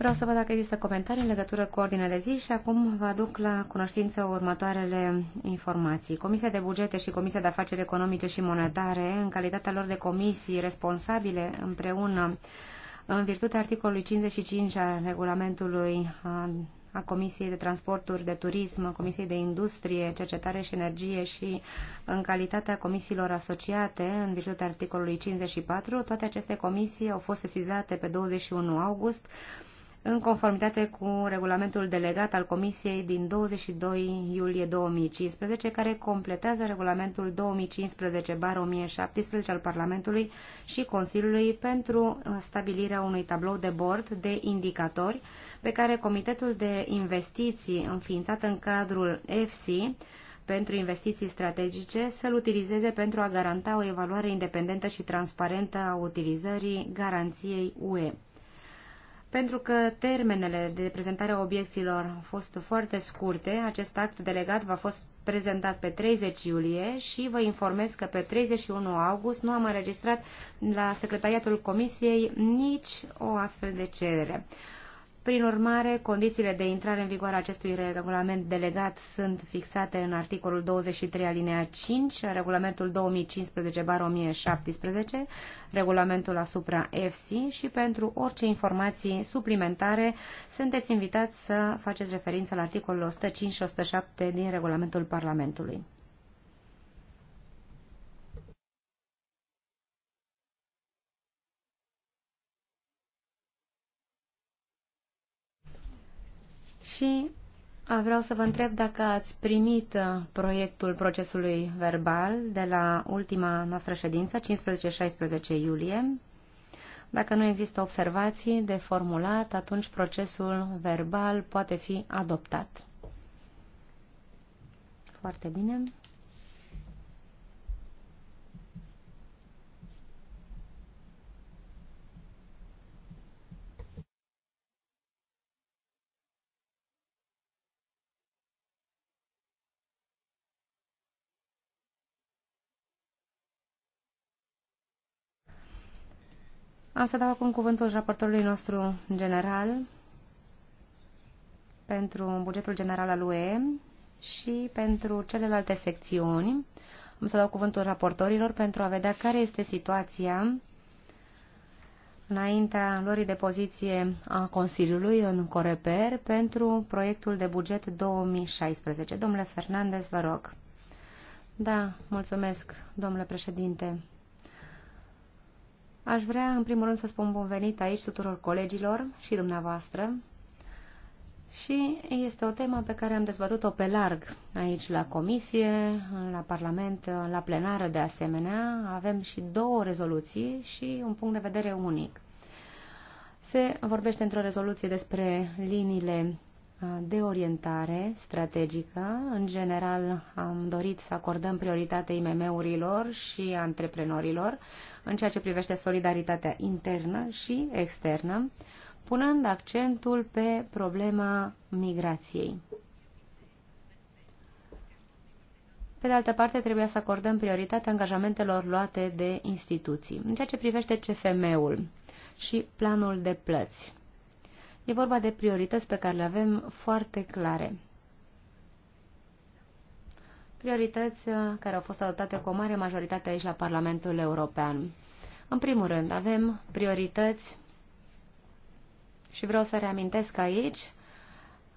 Vreau să văd dacă există comentarii în legătură cu ordinea de zi și acum vă aduc la cunoștință următoarele informații. Comisia de Bugete și Comisia de Afaceri Economice și Monetare, în calitatea lor de comisii responsabile împreună în virtutea articolului 55 al regulamentului a Comisiei de Transporturi, de Turism, a Comisiei de Industrie, Cercetare și Energie și în calitatea comisiilor asociate, în virtutea articolului 54, toate aceste comisii au fost sesizate pe 21 august în conformitate cu regulamentul delegat al Comisiei din 22 iulie 2015, care completează regulamentul 2015-1017 al Parlamentului și Consiliului pentru stabilirea unui tablou de bord de indicatori pe care Comitetul de Investiții, înființat în cadrul FC pentru investiții strategice să-l utilizeze pentru a garanta o evaluare independentă și transparentă a utilizării garanției UE. Pentru că termenele de prezentare a obiecțiilor au fost foarte scurte, acest act delegat va fost prezentat pe 30 iulie și vă informez că pe 31 august nu am înregistrat la Secretariatul Comisiei nici o astfel de cerere. Prin urmare, condițiile de intrare în vigoare a acestui regulament delegat sunt fixate în articolul 23 alinea 5, regulamentul 2015-1017, regulamentul asupra EFSI și pentru orice informații suplimentare sunteți invitați să faceți referință la articolul 105 și 107 din regulamentul Parlamentului. Și vreau să vă întreb dacă ați primit proiectul procesului verbal de la ultima noastră ședință, 15-16 iulie. Dacă nu există observații de formulat, atunci procesul verbal poate fi adoptat. Foarte bine. Am să dau acum cuvântul raportorului nostru general pentru bugetul general al UE și pentru celelalte secțiuni. Am să dau cuvântul raportorilor pentru a vedea care este situația înaintea lorii de poziție a Consiliului în Coreper pentru proiectul de buget 2016. Domnule Fernandez, vă rog. Da, mulțumesc, domnule președinte. Aș vrea, în primul rând, să spun bun venit aici tuturor colegilor și dumneavoastră. Și este o temă pe care am dezbătut-o pe larg aici la comisie, la parlament, la plenară de asemenea. Avem și două rezoluții și un punct de vedere unic. Se vorbește într-o rezoluție despre liniile de orientare strategică. În general, am dorit să acordăm prioritate IMM-urilor și antreprenorilor în ceea ce privește solidaritatea internă și externă, punând accentul pe problema migrației. Pe de altă parte, trebuia să acordăm prioritate angajamentelor luate de instituții. În ceea ce privește CFM-ul și planul de plăți, E vorba de priorități pe care le avem foarte clare. Priorități uh, care au fost adoptate cu o mare majoritate aici la Parlamentul European. În primul rând, avem priorități și vreau să reamintesc aici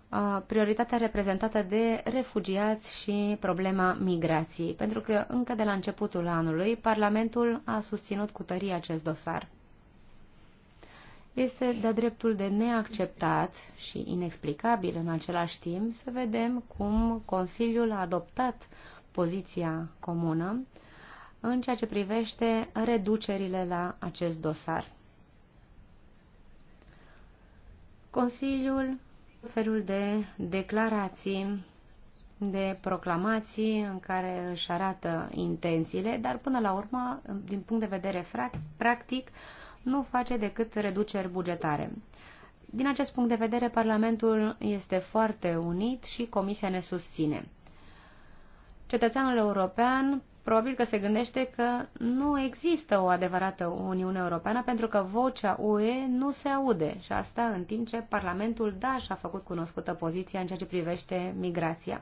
uh, prioritatea reprezentată de refugiați și problema migrației, pentru că încă de la începutul anului Parlamentul a susținut cu tărie acest dosar. Este de dreptul de neacceptat și inexplicabil în același timp să vedem cum Consiliul a adoptat poziția comună în ceea ce privește reducerile la acest dosar. Consiliul, felul de declarații, de proclamații în care își arată intențiile, dar până la urmă, din punct de vedere practic, nu face decât reduceri bugetare. Din acest punct de vedere, Parlamentul este foarte unit și Comisia ne susține. Cetățeanul european probabil că se gândește că nu există o adevărată Uniune Europeană pentru că vocea UE nu se aude și asta în timp ce Parlamentul da și-a făcut cunoscută poziția în ceea ce privește migrația.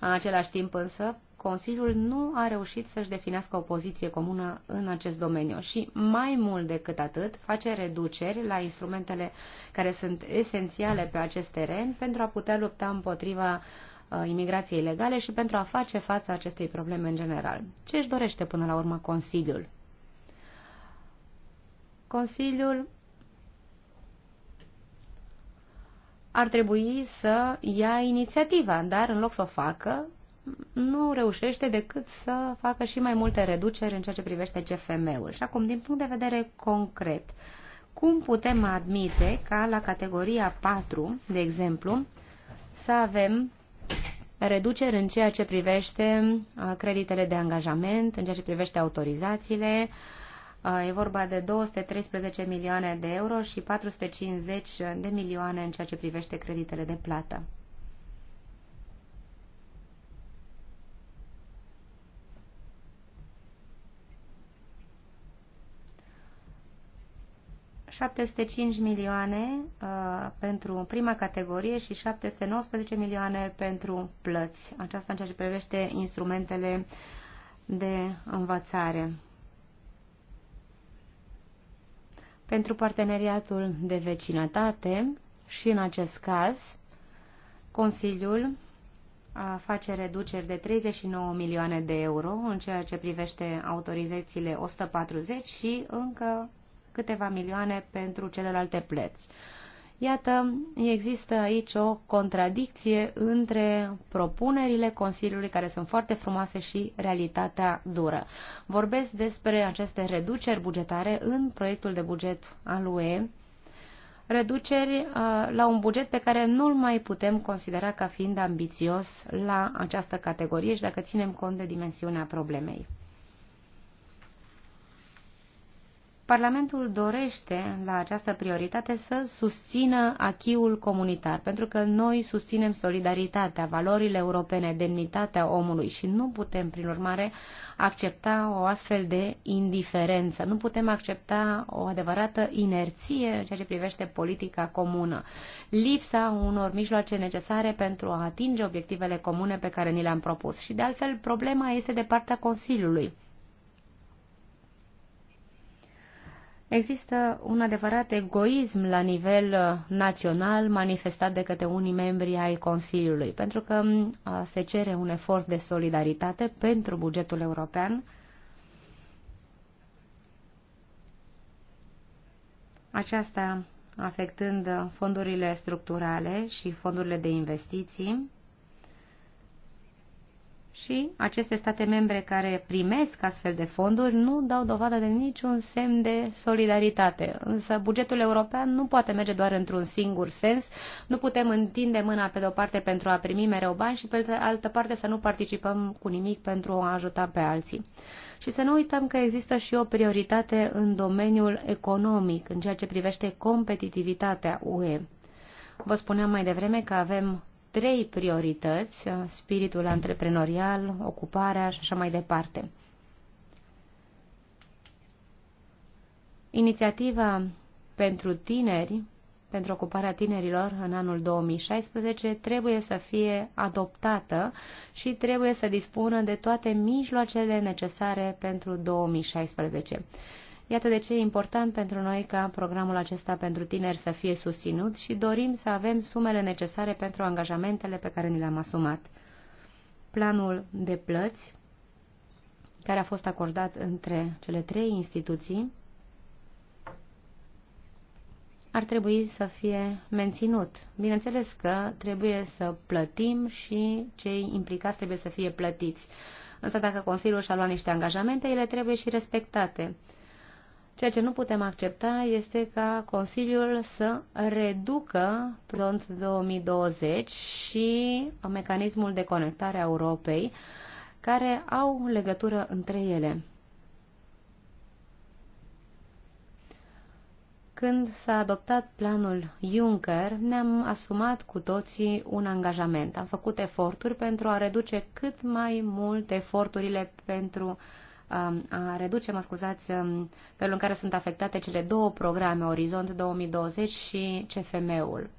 În același timp însă, Consiliul nu a reușit să-și definească o poziție comună în acest domeniu și, mai mult decât atât, face reduceri la instrumentele care sunt esențiale pe acest teren pentru a putea lupta împotriva uh, imigrației ilegale și pentru a face față acestei probleme în general. Ce își dorește până la urmă Consiliul? Consiliul ar trebui să ia inițiativa, dar în loc să o facă, nu reușește decât să facă și mai multe reduceri în ceea ce privește gfm ul Și acum, din punct de vedere concret, cum putem admite ca la categoria 4, de exemplu, să avem reduceri în ceea ce privește uh, creditele de angajament, în ceea ce privește autorizațiile. Uh, e vorba de 213 milioane de euro și 450 de milioane în ceea ce privește creditele de plată. 705 milioane uh, pentru prima categorie și 719 milioane pentru plăți. Aceasta în ceea ce privește instrumentele de învățare. Pentru parteneriatul de vecinătate și în acest caz, Consiliul face reduceri de 39 milioane de euro în ceea ce privește autorizațiile 140 și încă câteva milioane pentru celelalte plăți. Iată, există aici o contradicție între propunerile Consiliului, care sunt foarte frumoase, și realitatea dură. Vorbesc despre aceste reduceri bugetare în proiectul de buget al UE, reduceri uh, la un buget pe care nu-l mai putem considera ca fiind ambițios la această categorie și dacă ținem cont de dimensiunea problemei. Parlamentul dorește la această prioritate să susțină achiul comunitar, pentru că noi susținem solidaritatea, valorile europene, demnitatea omului și nu putem, prin urmare, accepta o astfel de indiferență. Nu putem accepta o adevărată inerție în ceea ce privește politica comună. Lipsa unor mijloace necesare pentru a atinge obiectivele comune pe care ni le-am propus. Și, de altfel, problema este de partea Consiliului Există un adevărat egoism la nivel uh, național manifestat de către unii membri ai Consiliului, pentru că mm, se cere un efort de solidaritate pentru bugetul european. Aceasta afectând uh, fondurile structurale și fondurile de investiții, și aceste state membre care primesc astfel de fonduri nu dau dovadă de niciun semn de solidaritate. Însă bugetul european nu poate merge doar într-un singur sens. Nu putem întinde mâna pe de-o parte pentru a primi mereu bani și pe de altă parte să nu participăm cu nimic pentru a ajuta pe alții. Și să nu uităm că există și o prioritate în domeniul economic, în ceea ce privește competitivitatea UE. Vă spuneam mai devreme că avem trei priorități, uh, spiritul antreprenorial, ocuparea și așa mai departe. Inițiativa pentru tineri, pentru ocuparea tinerilor în anul 2016 trebuie să fie adoptată și trebuie să dispună de toate mijloacele necesare pentru 2016. Iată de ce e important pentru noi ca programul acesta pentru tineri să fie susținut și dorim să avem sumele necesare pentru angajamentele pe care ni le-am asumat. Planul de plăți, care a fost acordat între cele trei instituții, ar trebui să fie menținut. Bineînțeles că trebuie să plătim și cei implicați trebuie să fie plătiți. Însă dacă Consiliul și-a luat niște angajamente, ele trebuie și respectate. Ceea ce nu putem accepta este ca Consiliul să reducă Prozont 2020 și mecanismul de conectare a Europei, care au legătură între ele. Când s-a adoptat planul Juncker, ne-am asumat cu toții un angajament. Am făcut eforturi pentru a reduce cât mai mult eforturile pentru uh, a reduce, mă scuzați, um, felul în care sunt afectate cele două programe, Orizont 2020 și CFM-ul.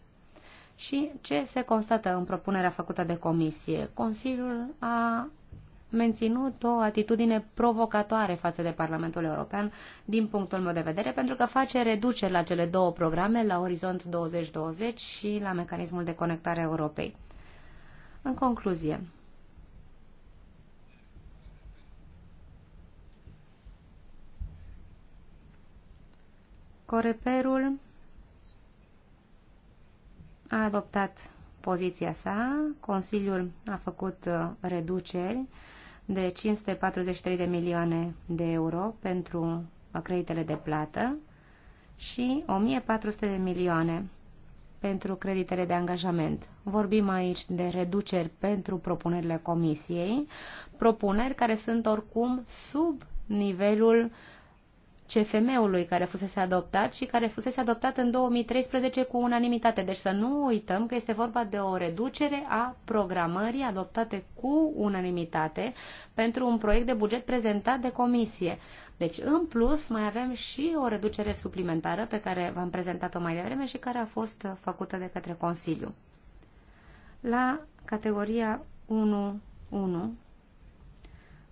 Și ce se constată în propunerea făcută de comisie? Consiliul a menținut o atitudine provocatoare față de Parlamentul European, din punctul meu de vedere, pentru că face reduceri la cele două programe, la Orizont 2020 și la mecanismul de conectare a Europei. În concluzie, Coreperul a adoptat poziția sa, Consiliul a făcut uh, reduceri de 543 de milioane de euro pentru uh, creditele de plată și 1400 de milioane pentru creditele de angajament. Vorbim aici de reduceri pentru propunerile comisiei, propuneri care sunt oricum sub nivelul uh, CFM-ului care fusese adoptat și care fusese adoptat în 2013 cu unanimitate. Deci să nu uităm că este vorba de o reducere a programării adoptate cu unanimitate pentru un proiect de buget prezentat de comisie. Deci, în plus, mai avem și o reducere suplimentară pe care v-am prezentat-o mai devreme și care a fost făcută de către Consiliu. La categoria 1.1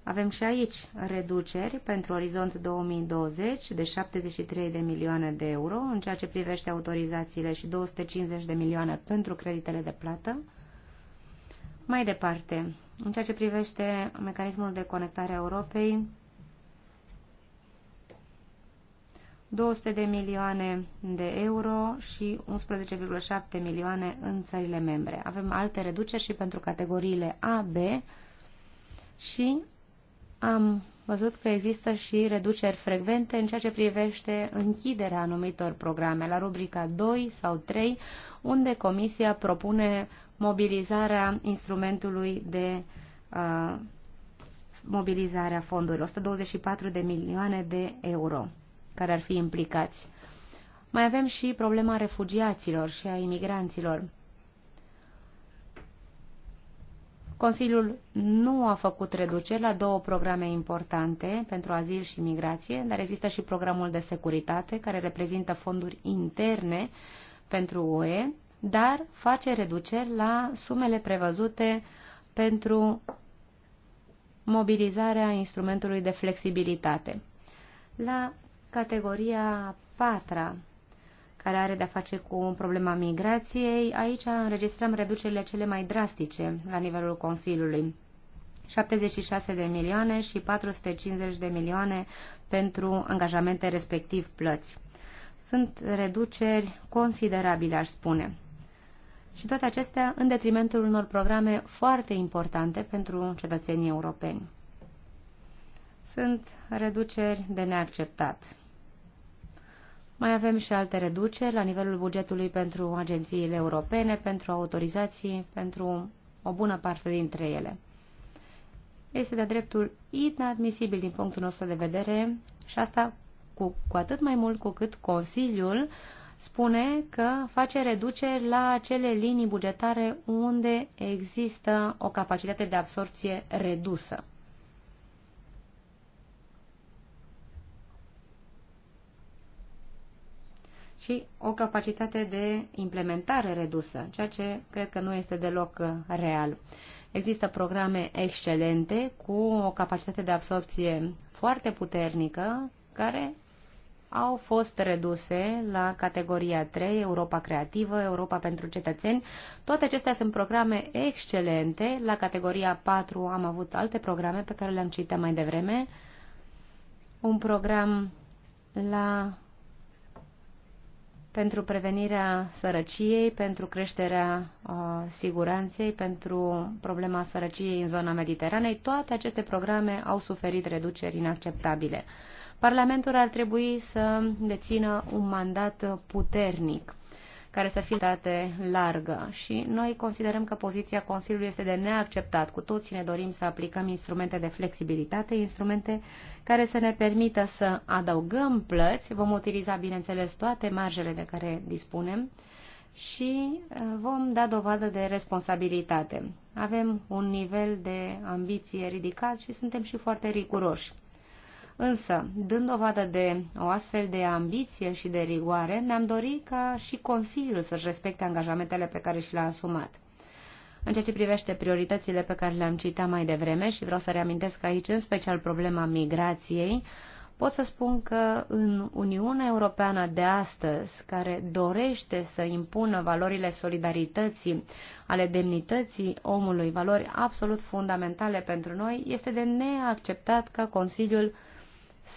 avem și aici reduceri pentru orizont 2020 de 73 de milioane de euro în ceea ce privește autorizațiile și 250 de milioane pentru creditele de plată. Mai departe, în ceea ce privește mecanismul de conectare a Europei, 200 de milioane de euro și 11,7 milioane în țările membre. Avem alte reduceri și pentru categoriile A, B și am văzut că există și reduceri frecvente în ceea ce privește închiderea anumitor programe, la rubrica 2 sau 3, unde Comisia propune mobilizarea instrumentului de uh, mobilizarea fondurilor, 124 de milioane de euro care ar fi implicați. Mai avem și problema refugiaților și a imigranților. Consiliul nu a făcut reduceri la două programe importante pentru azil și migrație, dar există și programul de securitate, care reprezintă fonduri interne pentru UE, dar face reduceri la sumele prevăzute pentru mobilizarea instrumentului de flexibilitate. La categoria 4 care are de-a face cu problema migrației, aici înregistrăm reducerile cele mai drastice la nivelul Consiliului. 76 de milioane și 450 de milioane pentru angajamente respectiv plăți. Sunt reduceri considerabile, aș spune. Și toate acestea în detrimentul unor programe foarte importante pentru cetățenii europeni. Sunt reduceri de neacceptat. Mai avem și alte reduceri la nivelul bugetului pentru agențiile europene, pentru autorizații, pentru o bună parte dintre ele. Este de-a dreptul inadmisibil din punctul nostru de vedere și asta cu, cu atât mai mult cu cât Consiliul spune că face reduceri la acele linii bugetare unde există o capacitate de absorție redusă. și o capacitate de implementare redusă, ceea ce cred că nu este deloc uh, real. Există programe excelente cu o capacitate de absorpție foarte puternică care au fost reduse la categoria 3, Europa Creativă, Europa pentru cetățeni. Toate acestea sunt programe excelente. La categoria 4 am avut alte programe pe care le-am citit mai devreme. Un program la pentru prevenirea sărăciei, pentru creșterea uh, siguranței, pentru problema sărăciei în zona Mediteranei, toate aceste programe au suferit reduceri inacceptabile. Parlamentul ar trebui să dețină un mandat puternic care să fie date largă și noi considerăm că poziția Consiliului este de neacceptat. Cu toții ne dorim să aplicăm instrumente de flexibilitate, instrumente care să ne permită să adăugăm plăți, vom utiliza, bineînțeles, toate marjele de care dispunem și uh, vom da dovadă de responsabilitate. Avem un nivel de ambiție ridicat și suntem și foarte riguroși. Însă, dând dovadă de o astfel de ambiție și de rigoare, ne am dorit ca și Consiliul să-și respecte angajamentele pe care și le-a asumat. În ceea ce privește prioritățile pe care le-am citat mai devreme și vreau să reamintesc aici în special problema migrației, pot să spun că în Uniunea Europeană de astăzi, care dorește să impună valorile solidarității, ale demnității omului, valori absolut fundamentale pentru noi, este de neacceptat ca Consiliul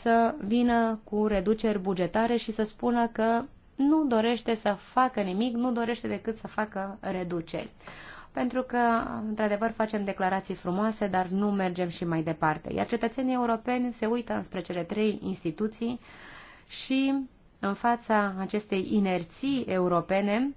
să vină cu reduceri bugetare și să spună că nu dorește să facă nimic, nu dorește decât să facă reduceri. Pentru că, într-adevăr, facem declarații frumoase, dar nu mergem și mai departe. Iar cetățenii europeni se uită înspre cele trei instituții și, în fața acestei inerții europene,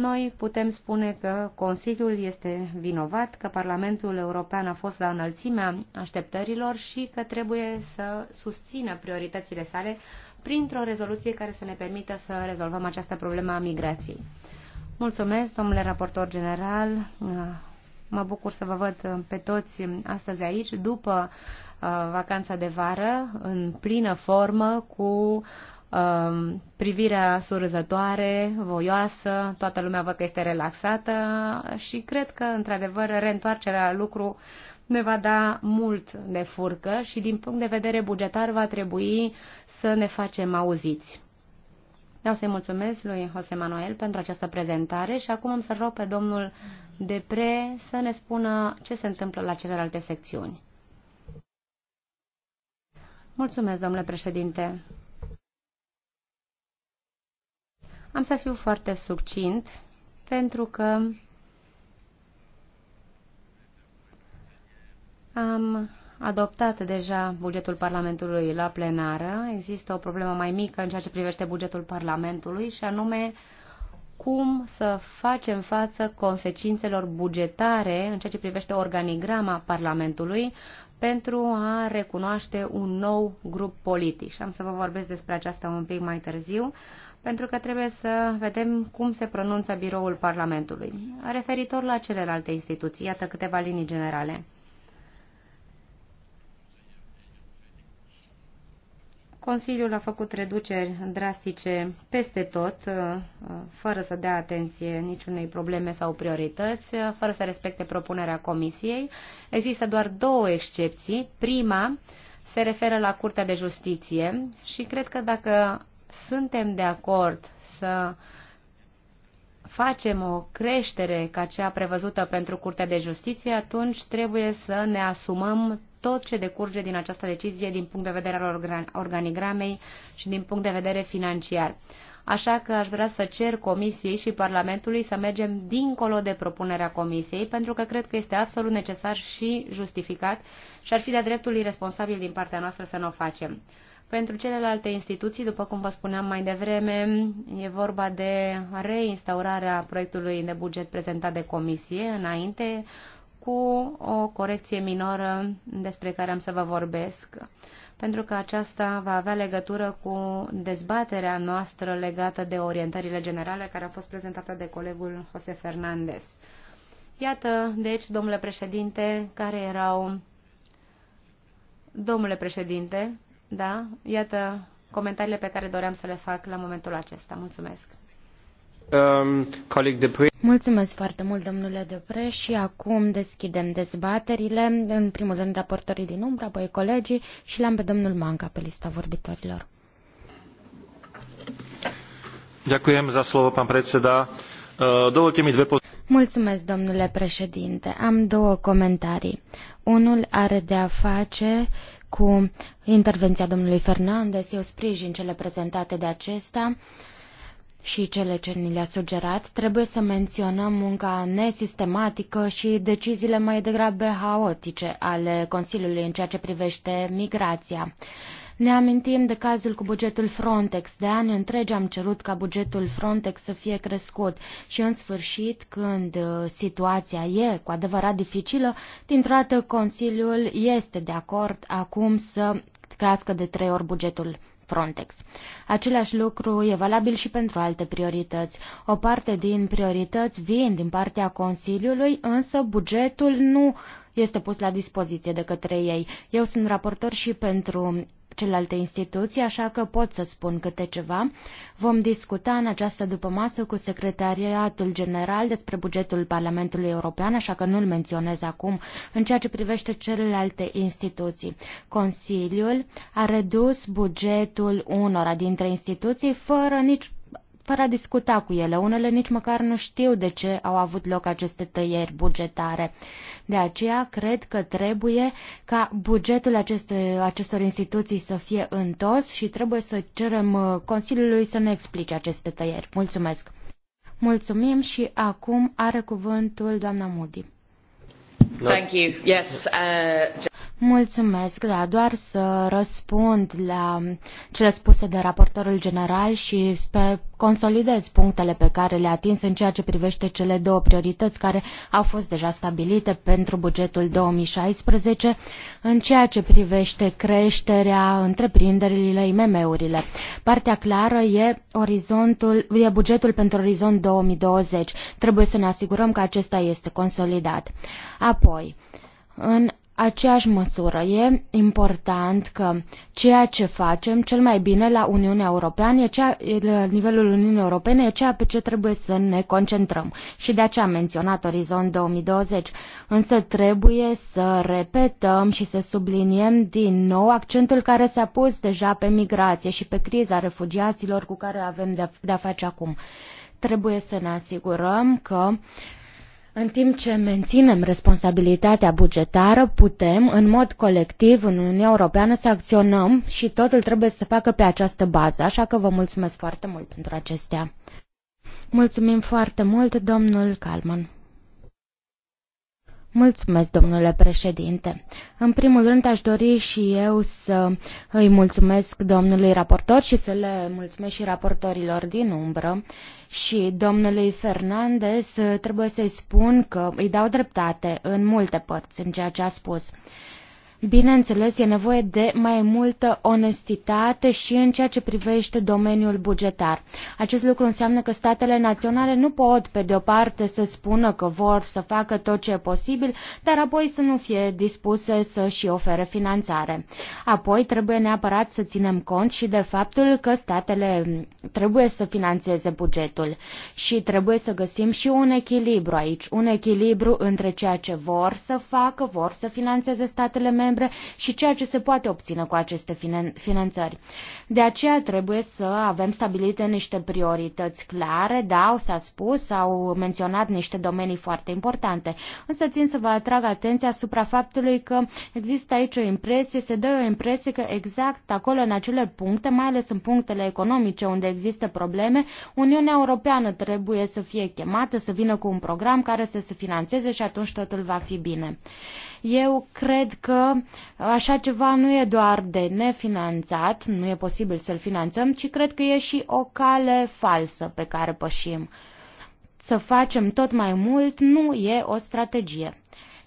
noi putem spune că Consiliul este vinovat, că Parlamentul European a fost la înălțimea așteptărilor și că trebuie să susțină prioritățile sale printr-o rezoluție care să ne permită să rezolvăm această problemă a migrației. Mulțumesc, domnule raportor general. Mă bucur să vă văd pe toți astăzi aici, după uh, vacanța de vară, în plină formă, cu Um, privirea surâzătoare, voioasă, toată lumea văd că este relaxată și cred că, într-adevăr, reîntoarcerea la lucru ne va da mult de furcă și, din punct de vedere bugetar, va trebui să ne facem auziți. Vreau să-i mulțumesc lui Jose Manuel pentru această prezentare și acum îmi să rog pe domnul Depre să ne spună ce se întâmplă la celelalte secțiuni. Mulțumesc, domnule președinte. Am să fiu foarte succint pentru că am adoptat deja bugetul Parlamentului la plenară. Există o problemă mai mică în ceea ce privește bugetul Parlamentului și anume cum să facem față consecințelor bugetare în ceea ce privește organigrama Parlamentului pentru a recunoaște un nou grup politic. Și am să vă vorbesc despre aceasta un pic mai târziu, pentru că trebuie să vedem cum se pronunță biroul Parlamentului. Referitor la celelalte instituții, iată câteva linii generale. Consiliul a făcut reduceri drastice peste tot, uh, fără să dea atenție niciunei probleme sau priorități, uh, fără să respecte propunerea Comisiei. Există doar două excepții. Prima se referă la Curtea de Justiție și cred că dacă suntem de acord să facem o creștere ca cea prevăzută pentru Curtea de Justiție, atunci trebuie să ne asumăm tot ce decurge din această decizie din punct de vedere al organigramei și din punct de vedere financiar. Așa că aș vrea să cer Comisiei și Parlamentului să mergem dincolo de propunerea Comisiei, pentru că cred că este absolut necesar și justificat și ar fi de-a dreptul irresponsabil din partea noastră să nu o facem. Pentru celelalte instituții, după cum vă spuneam mai devreme, e vorba de reinstaurarea proiectului de buget prezentat de comisie înainte, cu o corecție minoră despre care am să vă vorbesc, pentru că aceasta va avea legătură cu dezbaterea noastră legată de orientările generale care a fost prezentată de colegul Jose Fernandez. Iată, deci, domnule președinte, care erau... Domnule președinte, da, iată comentariile pe care doream să le fac la momentul acesta. Mulțumesc. Um, Mulțumesc foarte mult, domnule Depre, și acum deschidem dezbaterile. În primul rând, raportorii din umbră, apoi colegii și l-am pe domnul Manca pe lista vorbitorilor. Ďakujem za slovo, pán predseda. Dovolte mi dve Mulțumesc, domnule președinte. Am două comentarii. Unul are de a face cu intervenția domnului Fernandez. Eu sprijin cele prezentate de acesta. Uh, și cele ce ni le-a sugerat, trebuie să menționăm munca nesistematică și deciziile mai degrabă haotice ale Consiliului în ceea ce privește migrația. Ne amintim de cazul cu bugetul Frontex. De ani întregi am cerut ca bugetul Frontex să fie crescut și în sfârșit, când uh, situația e cu adevărat dificilă, dintr-o dată Consiliul este de acord acum să crească de trei ori bugetul Frontex. Același lucru e valabil și pentru alte priorități. O parte din priorități vin din partea Consiliului, însă bugetul nu este pus la dispoziție de către ei. Eu sunt raportor și pentru celelalte instituții, așa că pot să spun câte ceva. Vom discuta în această dupămasă cu Secretariatul General despre bugetul Parlamentului European, așa că nu-l menționez acum în ceea ce privește celelalte instituții. Consiliul a redus bugetul unora dintre instituții fără nici fără a discuta cu ele. Unele nici măcar nu știu de ce au avut loc aceste tăieri bugetare. De aceea, cred că trebuie ca bugetul acestui, acestor instituții să fie întors și trebuie să cerem uh, Consiliului să ne explice aceste tăieri. Mulțumesc! Mulțumim și acum are cuvântul doamna Moody. No. Thank you. Yes, uh... Mulțumesc, da, doar să răspund la cele spuse de raportorul general și să consolidez punctele pe care le-a atins în ceea ce privește cele două priorități care au fost deja stabilite pentru bugetul 2016, în ceea ce privește creșterea întreprinderile, IMM-urile. Partea clară e, orizontul, e bugetul pentru orizont 2020. Trebuie să ne asigurăm că acesta este consolidat. Apoi, în aceeași măsură. E important că ceea ce facem cel mai bine la Uniunea Europeană, e cea, la nivelul Uniunii Europene, e ceea pe ce trebuie să ne concentrăm. Și de aceea am menționat Orizont 2020. Însă trebuie să repetăm și să subliniem din nou accentul care s-a pus deja pe migrație și pe criza refugiaților cu care avem de-a de face acum. Trebuie să ne asigurăm că uh, în timp ce menținem responsabilitatea bugetară, putem, în mod colectiv, în Uniunea Europeană, să acționăm și totul trebuie să facă pe această bază, așa că vă mulțumesc foarte mult pentru acestea. Mulțumim foarte mult, domnul Calman. Mulțumesc, domnule președinte. În primul rând, aș dori și eu să îi mulțumesc domnului raportor și să le mulțumesc și raportorilor din umbră și domnului Fernandez trebuie să-i spun că îi dau dreptate în multe părți în ceea ce a spus. Bineînțeles, e nevoie de mai multă onestitate și în ceea ce privește domeniul bugetar. Acest lucru înseamnă că statele naționale nu pot, pe de o parte, să spună că vor să facă tot ce e posibil, dar apoi să nu fie dispuse să și ofere finanțare. Apoi, trebuie neapărat să ținem cont și de faptul că statele trebuie să finanțeze bugetul și trebuie să găsim și un echilibru aici, un echilibru între ceea ce vor să facă, vor să finanțeze statele membre, membre și ceea ce se poate obține cu aceste finanțări. De aceea trebuie să avem stabilite niște priorități clare, da, s-a spus, au menționat niște domenii foarte importante, însă țin să vă atrag atenția asupra faptului că există aici o impresie, se dă o impresie că exact acolo, în acele puncte, mai ales în punctele economice unde există probleme, Uniunea Europeană trebuie să fie chemată să vină cu un program care să se financeze și atunci totul va fi bine. Eu cred că așa ceva nu e doar de nefinanțat, nu e posibil să-l finanțăm, ci cred că e și o cale falsă pe care pășim. Să facem tot mai mult nu e o strategie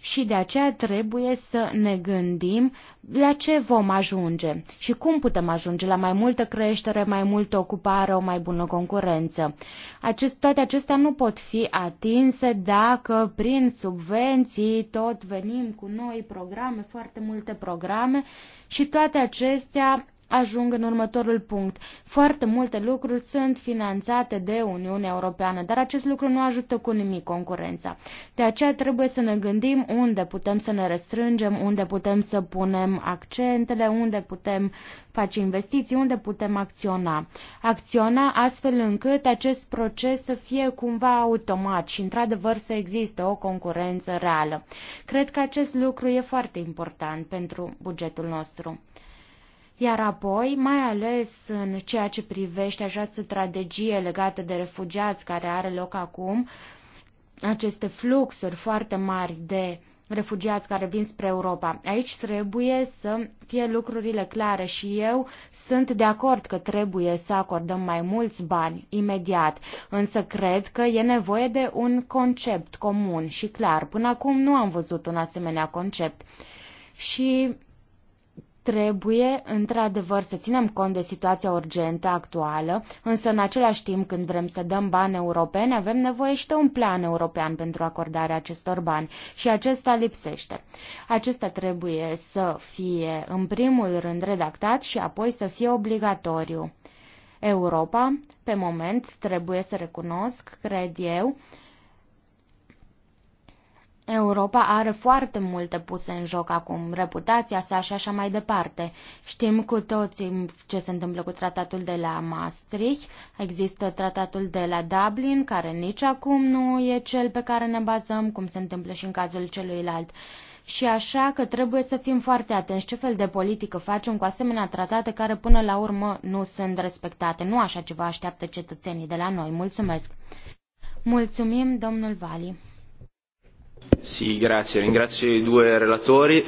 și de aceea trebuie să ne gândim la ce vom ajunge și cum putem ajunge la mai multă creștere, mai multă ocupare, o mai bună concurență. Acest, toate acestea nu pot fi atinse dacă prin subvenții tot venim cu noi programe, foarte multe programe și toate acestea ajung în următorul punct. Foarte multe lucruri sunt finanțate de Uniunea Europeană, dar acest lucru nu ajută cu nimic concurența. De aceea trebuie să ne gândim unde putem să ne restrângem, unde putem să punem accentele, unde putem face investiții, unde putem acționa. Acționa astfel încât acest proces să fie cumva automat și într-adevăr să existe o concurență reală. Cred că acest lucru e foarte important pentru bugetul nostru. Iar apoi, mai ales în ceea ce privește această strategie legată de refugiați care are loc acum, aceste fluxuri foarte mari de refugiați care vin spre Europa. Aici trebuie să fie lucrurile clare și eu sunt de acord că trebuie să acordăm mai mulți bani imediat, însă cred că e nevoie de un concept comun și clar. Până acum nu am văzut un asemenea concept. Și Trebuie, într-adevăr, să ținem cont de situația urgentă actuală, însă în același timp când vrem să dăm bani europeni, avem nevoie și de un plan european pentru acordarea acestor bani și acesta lipsește. Acesta trebuie să fie, în primul rând, redactat și apoi să fie obligatoriu. Europa, pe moment, trebuie să recunosc, cred eu, Europa are foarte multe puse în joc acum, reputația sa și așa mai departe. Știm cu toții ce se întâmplă cu tratatul de la Maastricht, există tratatul de la Dublin, care nici acum nu e cel pe care ne bazăm, cum se întâmplă și în cazul celuilalt. Și așa că trebuie să fim foarte atenți ce fel de politică facem cu asemenea tratate care până la urmă nu sunt respectate. Nu așa ceva așteaptă cetățenii de la noi. Mulțumesc! Mulțumim, domnul Vali! Si, grazie. Ringrazio i due relatori.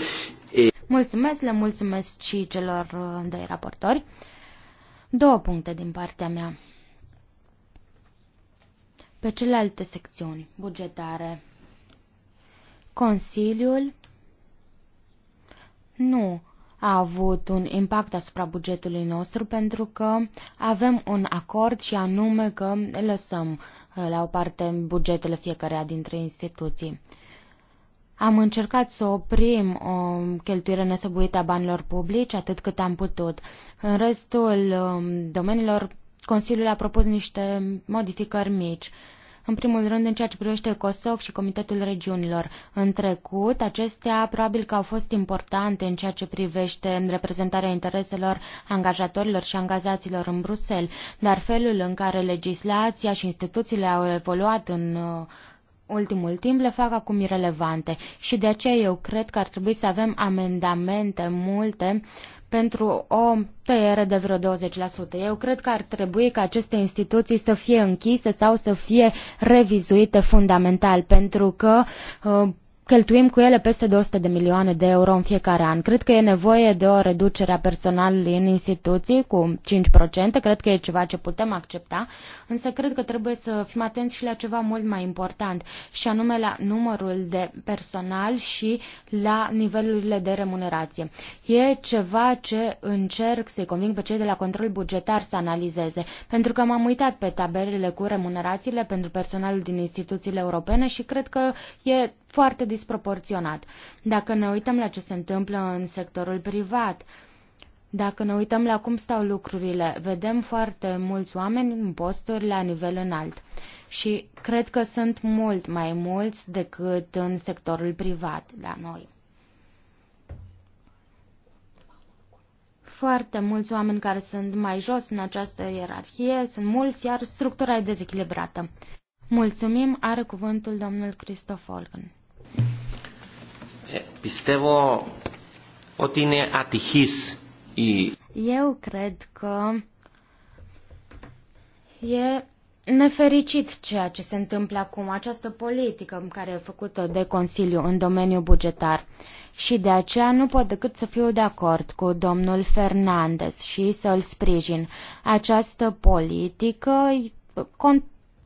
E... Mulțumesc, le mulțumesc și celor uh, doi raportori. Două puncte din partea mea. Pe celelalte secțiuni bugetare, Consiliul nu a avut un impact asupra bugetului nostru pentru că avem un acord și anume că lăsăm Uh, la o parte în bugetele fiecarea dintre instituții. Am încercat să oprim o cheltuire nesăbuită a banilor publici atât cât am putut. În restul um, domeniilor, Consiliul a propus niște modificări mici. În primul rând, în ceea ce privește COSOC și Comitetul Regiunilor. În trecut, acestea probabil că au fost importante în ceea ce privește reprezentarea intereselor angajatorilor și angajaților în Bruxelles, dar felul în care legislația și instituțiile au evoluat în uh, ultimul timp le fac acum irelevante și de aceea eu cred că ar trebui să avem amendamente multe pentru o tăiere de vreo 20%. Eu cred că ar trebui ca aceste instituții să fie închise sau să fie revizuite fundamental, pentru că uh, cheltuim cu ele peste 200 de milioane de euro în fiecare an. Cred că e nevoie de o reducere a personalului în instituții cu 5%, cred că e ceva ce putem accepta, însă cred că trebuie să fim atenți și la ceva mult mai important, și anume la numărul de personal și la nivelurile de remunerație. E ceva ce încerc să-i conving pe cei de la control bugetar să analizeze, pentru că m-am uitat pe tabelele cu remunerațiile pentru personalul din instituțiile europene și cred că e foarte disproporționat. Dacă ne uităm la ce se întâmplă în sectorul privat, dacă ne uităm la cum stau lucrurile, vedem foarte mulți oameni în posturi la nivel înalt și cred că sunt mult mai mulți decât în sectorul privat la noi. Foarte mulți oameni care sunt mai jos în această ierarhie, sunt mulți, iar structura e dezechilibrată. Mulțumim, are cuvântul domnul Cristof Olgan. Eh, πιστεύω ότι είναι ατυχής η... Eu cred că e nefericit ceea ce se întâmplă acum, această politică care e făcută de Consiliu în domeniul bugetar. Și de aceea nu pot decât să fiu de acord cu domnul Fernandez și să-l sprijin. Această politică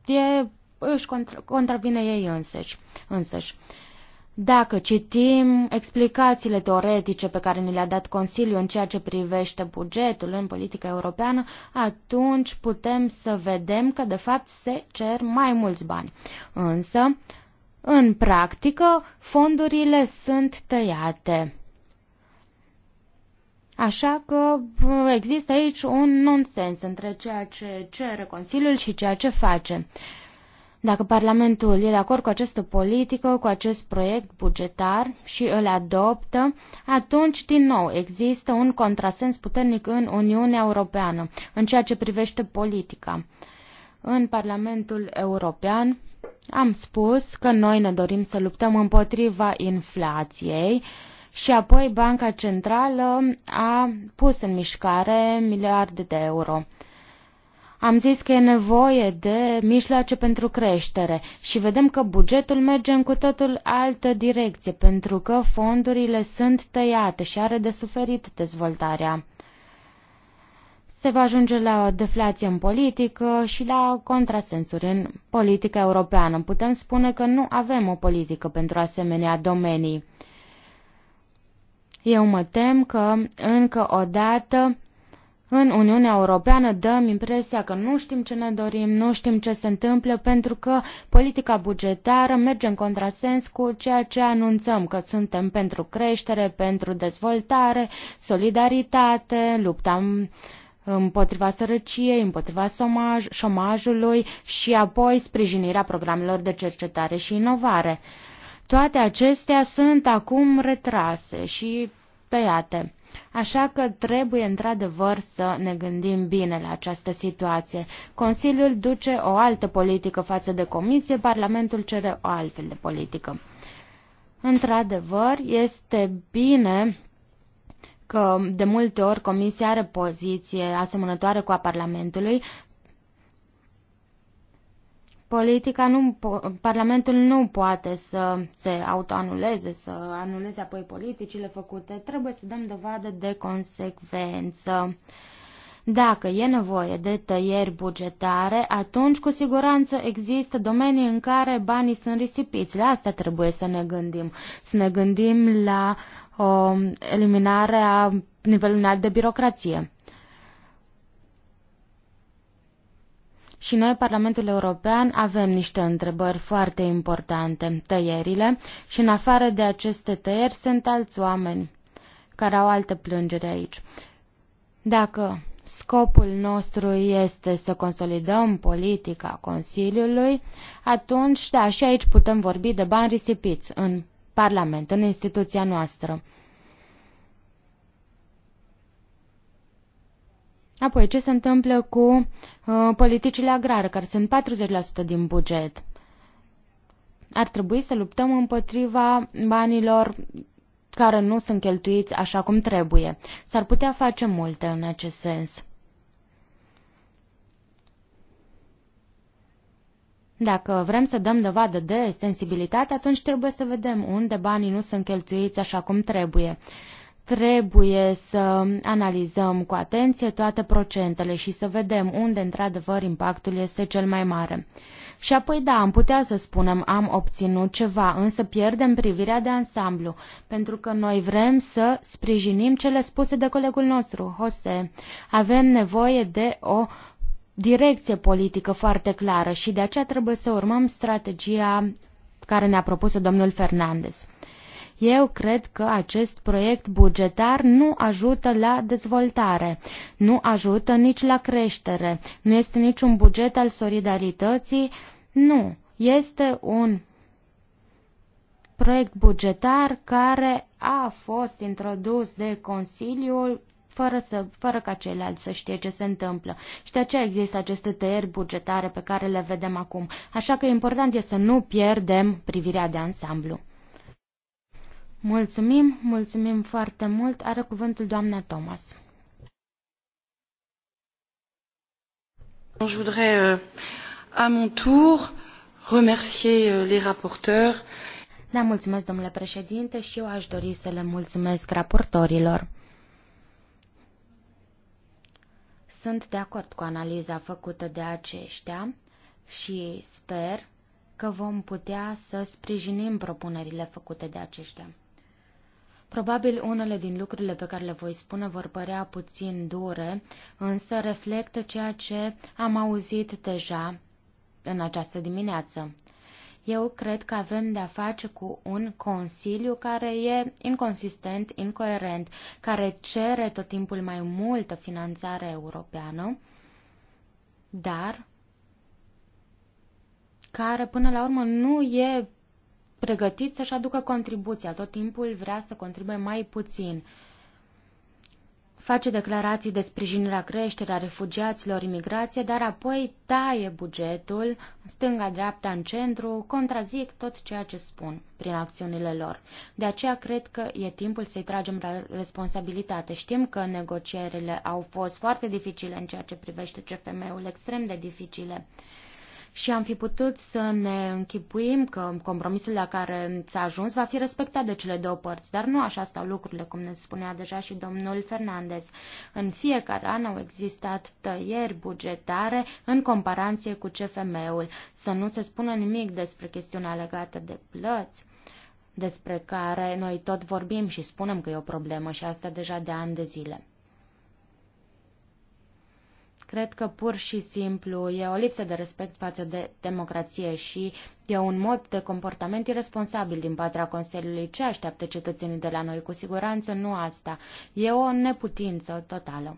e, își contravine ei însăși. însăși. Dacă citim explicațiile teoretice pe care ni le-a dat Consiliul în ceea ce privește bugetul în politica europeană, atunci putem să vedem că de fapt se cer mai mulți bani. Însă, în practică, fondurile sunt tăiate. Așa că există aici un nonsens între ceea ce cere Consiliul și ceea ce face. Dacă Parlamentul e de acord cu această politică, cu acest proiect bugetar și îl adoptă, atunci din nou există un contrasens puternic în Uniunea Europeană în ceea ce privește politica. În Parlamentul European am spus că noi ne dorim să luptăm împotriva inflației, și apoi Banca Centrală a pus în mișcare miliarde de euro. Am zis că e nevoie de mijloace pentru creștere și vedem că bugetul merge în cu totul altă direcție, pentru că fondurile sunt tăiate și are de suferit dezvoltarea. Se va ajunge la o deflație în politică și la contrasensuri în politica europeană. Putem spune că nu avem o politică pentru asemenea domenii. Eu mă tem că, încă o dată, în Uniunea Europeană dăm impresia că nu știm ce ne dorim, nu știm ce se întâmplă, pentru că politica bugetară merge în contrasens cu ceea ce anunțăm, că suntem pentru creștere, pentru dezvoltare, solidaritate, lupta împotriva sărăciei, împotriva somaj, șomajului și apoi sprijinirea programelor de cercetare și inovare. Toate acestea sunt acum retrase și tăiate. Așa că trebuie într-adevăr să ne gândim bine la această situație. Consiliul duce o altă politică față de Comisie, Parlamentul cere o altfel de politică. Într-adevăr, este bine că de multe ori Comisia are poziție asemănătoare cu a Parlamentului, politica nu, Parlamentul nu poate să se autoanuleze, să anuleze apoi politicile făcute. Trebuie să dăm dovadă de consecvență. Dacă e nevoie de tăieri bugetare, atunci cu siguranță există domenii în care banii sunt risipiți. La asta trebuie să ne gândim. Să ne gândim la o um, eliminare a nivelului înalt de birocrație. Și noi, Parlamentul European, avem niște întrebări foarte importante, tăierile, și în afară de aceste tăieri sunt alți oameni care au alte plângeri aici. Dacă scopul nostru este să consolidăm politica Consiliului, atunci, da, și aici putem vorbi de bani risipiți în Parlament, în instituția noastră. Apoi, ce se întâmplă cu uh, politicile agrare, care sunt 40% din buget? Ar trebui să luptăm împotriva banilor care nu sunt cheltuiți așa cum trebuie. S-ar putea face multe în acest sens. Dacă vrem să dăm dovadă de sensibilitate, atunci trebuie să vedem unde banii nu sunt cheltuiți așa cum trebuie. Trebuie să analizăm cu atenție toate procentele și să vedem unde într-adevăr impactul este cel mai mare. Și apoi da, am putea să spunem am obținut ceva, însă pierdem privirea de ansamblu, pentru că noi vrem să sprijinim cele spuse de colegul nostru, Jose. Avem nevoie de o direcție politică foarte clară și de aceea trebuie să urmăm strategia care ne-a propus domnul Fernandez. Eu cred că acest proiect bugetar nu ajută la dezvoltare, nu ajută nici la creștere, nu este niciun buget al solidarității, nu. Este un proiect bugetar care a fost introdus de Consiliul fără, să, fără ca ceilalți să știe ce se întâmplă. Și de aceea există aceste tăieri bugetare pe care le vedem acum. Așa că important e să nu pierdem privirea de ansamblu. Mulțumim, mulțumim foarte mult. Are cuvântul doamna Thomas. Je voudrais euh, à mon tour remercier euh, les rapporteurs. Da, mulțumesc, domnule președinte, și eu aș dori să le mulțumesc raportorilor. Sunt de acord cu analiza făcută de aceștia și sper că vom putea să sprijinim propunerile făcute de aceștia. Probabil unele din lucrurile pe care le voi spune vor părea puțin dure, însă reflectă ceea ce am auzit deja în această dimineață. Eu cred că avem de-a face cu un consiliu care e inconsistent, incoerent, care cere tot timpul mai multă finanțare europeană, dar care până la urmă nu e pregătit să-și aducă contribuția. Tot timpul vrea să contribuie mai puțin. Face declarații de sprijinirea creșterea refugiaților, imigrație, dar apoi taie bugetul, stânga-dreapta în centru, contrazic tot ceea ce spun prin acțiunile lor. De aceea cred că e timpul să-i tragem la responsabilitate. Știm că negocierile au fost foarte dificile în ceea ce privește CFM-ul, extrem de dificile și am fi putut să ne închipuim că compromisul la care s-a ajuns va fi respectat de cele două părți, dar nu așa stau lucrurile, cum ne spunea deja și domnul Fernandez. În fiecare an au existat tăieri bugetare în comparație cu CFM-ul, să nu se spună nimic despre chestiunea legată de plăți despre care noi tot vorbim și spunem că e o problemă și asta deja de ani de zile. Cred că pur și simplu e o lipsă de respect față de democrație și e un mod de comportament irresponsabil din partea Consiliului. Ce așteaptă cetățenii de la noi? Cu siguranță nu asta. E o neputință totală.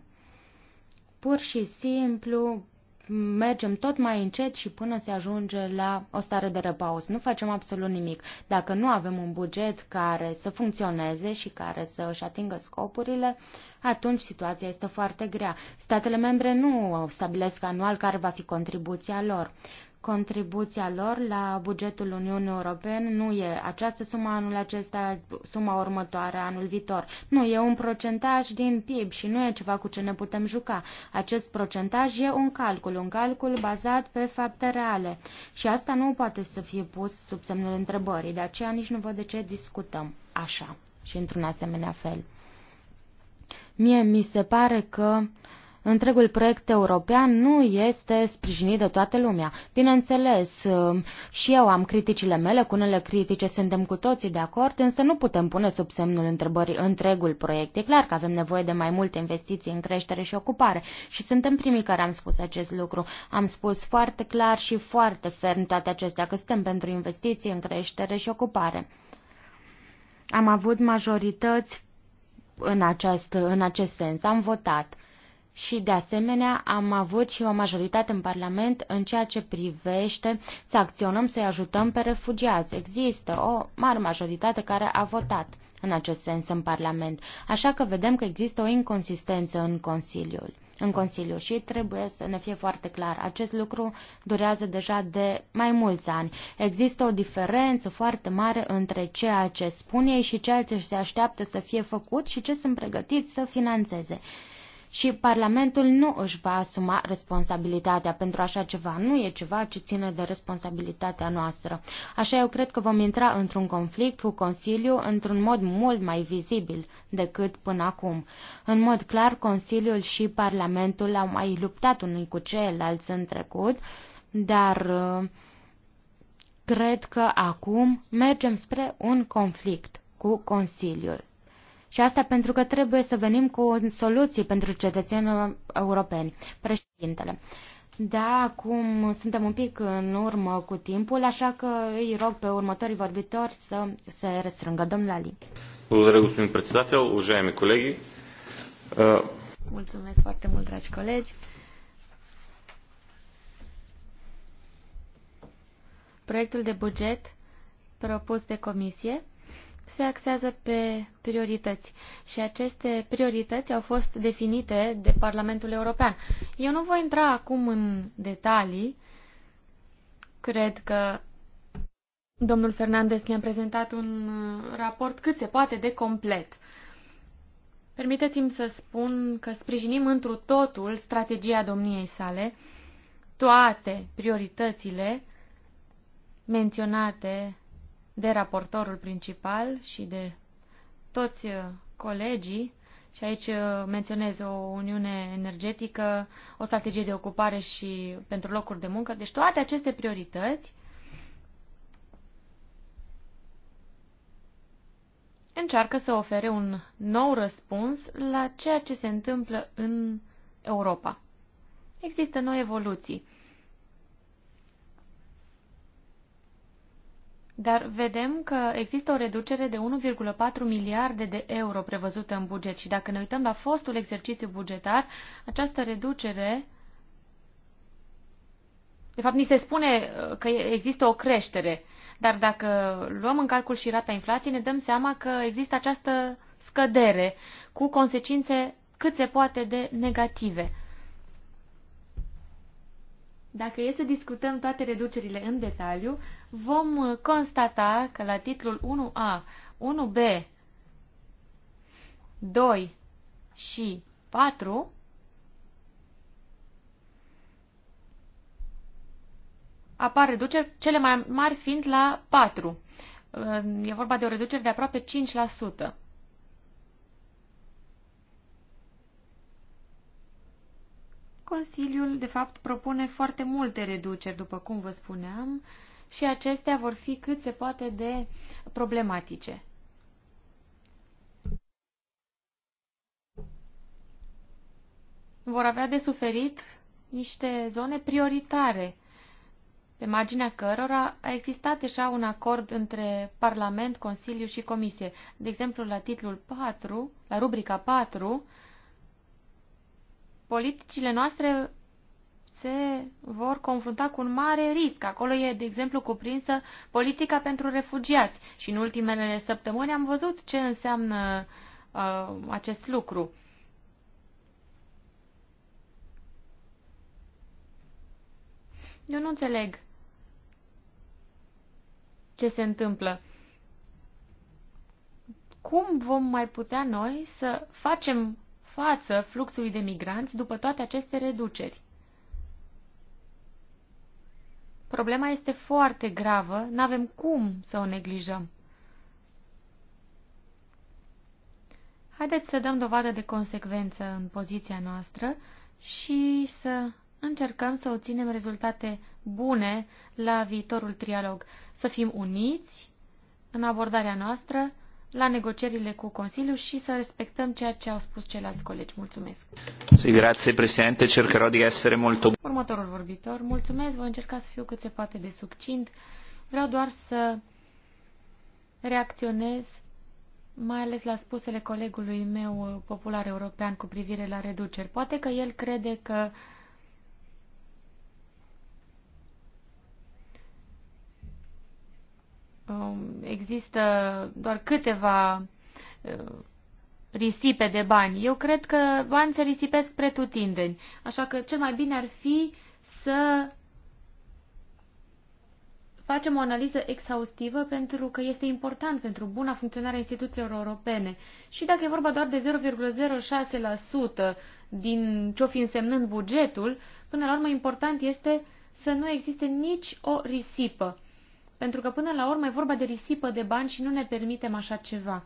Pur și simplu mergem tot mai încet și până se ajunge la o stare de repaus. Nu facem absolut nimic. Dacă nu avem un buget care să funcționeze și care să își atingă scopurile, atunci situația este foarte grea. Statele membre nu stabilesc anual care va fi contribuția lor contribuția lor la bugetul Uniunii Europene nu e această sumă anul acesta, suma următoare anul viitor. Nu, e un procentaj din PIB și nu e ceva cu ce ne putem juca. Acest procentaj e un calcul, un calcul bazat pe fapte reale. Și asta nu poate să fie pus sub semnul întrebării, de aceea nici nu văd de ce discutăm așa și într-un asemenea fel. Mie mi se pare că uh, întregul proiect european nu este sprijinit de toată lumea. Bineînțeles, um, și eu am criticile mele, cu unele critice suntem cu toții de acord, însă nu putem pune sub semnul întrebării întregul proiect. E clar că avem nevoie de mai multe investiții în creștere și ocupare și suntem primii care am spus acest lucru. Am spus foarte clar și foarte ferm toate acestea că suntem pentru investiții în creștere și ocupare. Am avut majorități în, această, în acest sens. Am votat și, de asemenea, am avut și o majoritate în Parlament în ceea ce privește să acționăm, să-i ajutăm pe refugiați. Există o mare majoritate care a votat în acest sens în Parlament, așa că vedem că există o inconsistență în Consiliul. În Consiliu și trebuie să ne fie foarte clar. Acest lucru durează deja de mai mulți ani. Există o diferență foarte mare între ceea ce spun ei și ceea ce se așteaptă să fie făcut și ce sunt pregătiți să financeze și Parlamentul nu își va asuma responsabilitatea pentru așa ceva. Nu e ceva ce ține de responsabilitatea noastră. Așa eu cred că vom intra într-un conflict cu Consiliul într-un mod mult mai vizibil decât până acum. În mod clar, Consiliul și Parlamentul au mai luptat unul cu ceilalți în trecut, dar uh, cred că acum mergem spre un conflict cu Consiliul. Și asta pentru că trebuie să venim cu soluții pentru cetățenii europeni. Președintele. Da, acum suntem un pic în urmă cu timpul, așa că îi rog pe următorii vorbitori să se restrângă. Domnul Ali. Благодаря, господин Mulțumesc foarte mult, dragi colegi. Proiectul de buget propus de comisie se axează pe priorități și aceste priorități au fost definite de Parlamentul European. Eu nu voi intra acum în detalii. Cred că domnul Fernandez ne-a prezentat un uh, raport cât se poate de complet. Permiteți-mi să spun că sprijinim întru totul strategia domniei sale, toate prioritățile menționate de raportorul principal și de toți uh, colegii și aici uh, menționez o uniune energetică, o strategie de ocupare și pentru locuri de muncă. Deci toate aceste priorități încearcă să ofere un nou răspuns la ceea ce se întâmplă în Europa. Există noi evoluții dar vedem că există o reducere de 1,4 miliarde de euro prevăzută în buget și dacă ne uităm la fostul exercițiu bugetar, această reducere, de fapt ni se spune uh, că există o creștere, dar dacă luăm în calcul și rata inflației, ne dăm seama că există această scădere cu consecințe cât se poate de negative. Dacă e să discutăm toate reducerile în detaliu, vom uh, constata că la titlul 1A, 1B, 2 și 4 apar reduceri, cele mai mari fiind la 4. Uh, e vorba de o reducere de aproape 5%. Consiliul, de fapt, propune foarte multe reduceri, după cum vă spuneam, și acestea vor fi cât se poate de problematice. Vor avea de suferit niște zone prioritare, pe marginea cărora a existat deja un acord între Parlament, Consiliu și Comisie. De exemplu, la titlul 4, la rubrica 4, politicile noastre se vor confrunta cu un mare risc. Acolo e, de exemplu, cuprinsă politica pentru refugiați și în ultimele săptămâni am văzut ce înseamnă uh, acest lucru. Eu nu înțeleg ce se întâmplă. Cum vom mai putea noi să facem față fluxului de migranți după toate aceste reduceri. Problema este foarte gravă, nu avem cum să o neglijăm. Haideți să dăm dovadă de consecvență în poziția noastră și să încercăm să obținem rezultate bune la viitorul trialog, să fim uniți în abordarea noastră la negocierile cu Consiliul și să respectăm ceea ce au spus ceilalți colegi. Mulțumesc. Sì, grazie Presidente, cercherò di essere molto... Următorul vorbitor, mulțumesc, voi încerca să fiu cât se poate de succint. Vreau doar să reacționez mai ales la spusele colegului meu uh, popular european cu privire la reduceri. Poate că el crede că uh, Um, există doar câteva uh, risipe de bani. Eu cred că bani se risipesc pretutindeni, așa că cel mai bine ar fi să facem o analiză exhaustivă pentru că este important pentru buna funcționare a instituțiilor europene. Și dacă e vorba doar de 0,06% din ce-o fi însemnând bugetul, până la urmă important este să nu existe nici o risipă pentru că până la urmă e vorba de risipă de bani și nu ne permitem așa ceva.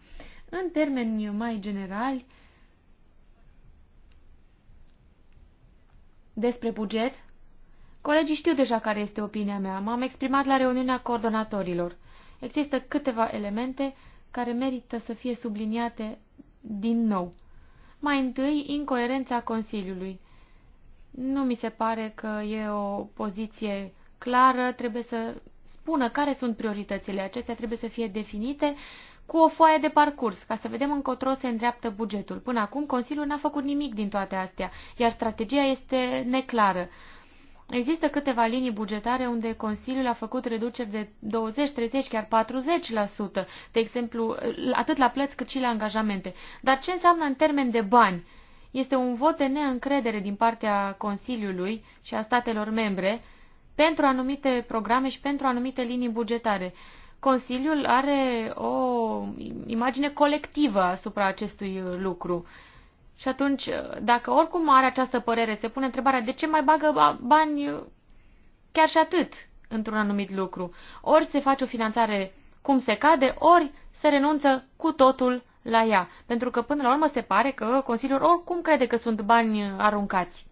În termeni mai generali, despre buget, colegii știu deja care este opinia mea. M-am exprimat la reuniunea coordonatorilor. Există câteva elemente care merită să fie subliniate din nou. Mai întâi, incoerența Consiliului. Nu mi se pare că e o poziție clară, trebuie să spună care sunt prioritățile. Acestea trebuie să fie definite cu o foaie de parcurs, ca să vedem încotro se îndreaptă bugetul. Până acum, Consiliul n-a făcut nimic din toate astea, iar strategia este neclară. Există câteva linii bugetare unde Consiliul a făcut reduceri de 20, 30, chiar 40%, de exemplu, atât la plăți cât și la angajamente. Dar ce înseamnă în termen de bani? Este un vot de neîncredere din partea Consiliului și a statelor membre, pentru anumite programe și pentru anumite linii bugetare. Consiliul are o imagine colectivă asupra acestui lucru. Și atunci, dacă oricum are această părere, se pune întrebarea de ce mai bagă bani chiar și atât într-un anumit lucru. Ori se face o finanțare cum se cade, ori se renunță cu totul la ea. Pentru că, până la urmă, se pare că Consiliul oricum crede că sunt bani aruncați.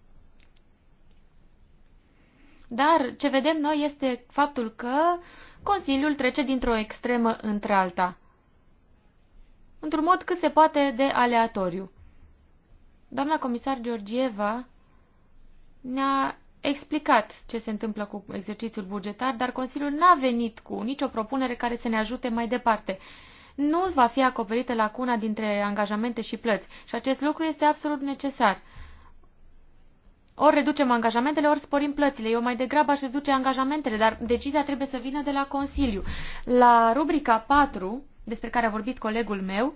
Dar ce vedem noi este faptul că Consiliul trece dintr-o extremă într-alta, într-un mod cât se poate de aleatoriu. Doamna comisar Georgieva ne-a explicat ce se întâmplă cu exercițiul bugetar, dar Consiliul n-a venit cu nicio propunere care să ne ajute mai departe. Nu va fi acoperită lacuna dintre angajamente și plăți și acest lucru este absolut necesar. Ori reducem angajamentele, ori sporim plățile. Eu mai degrabă aș reduce angajamentele, dar decizia trebuie să vină de la Consiliu. La rubrica 4, despre care a vorbit colegul meu,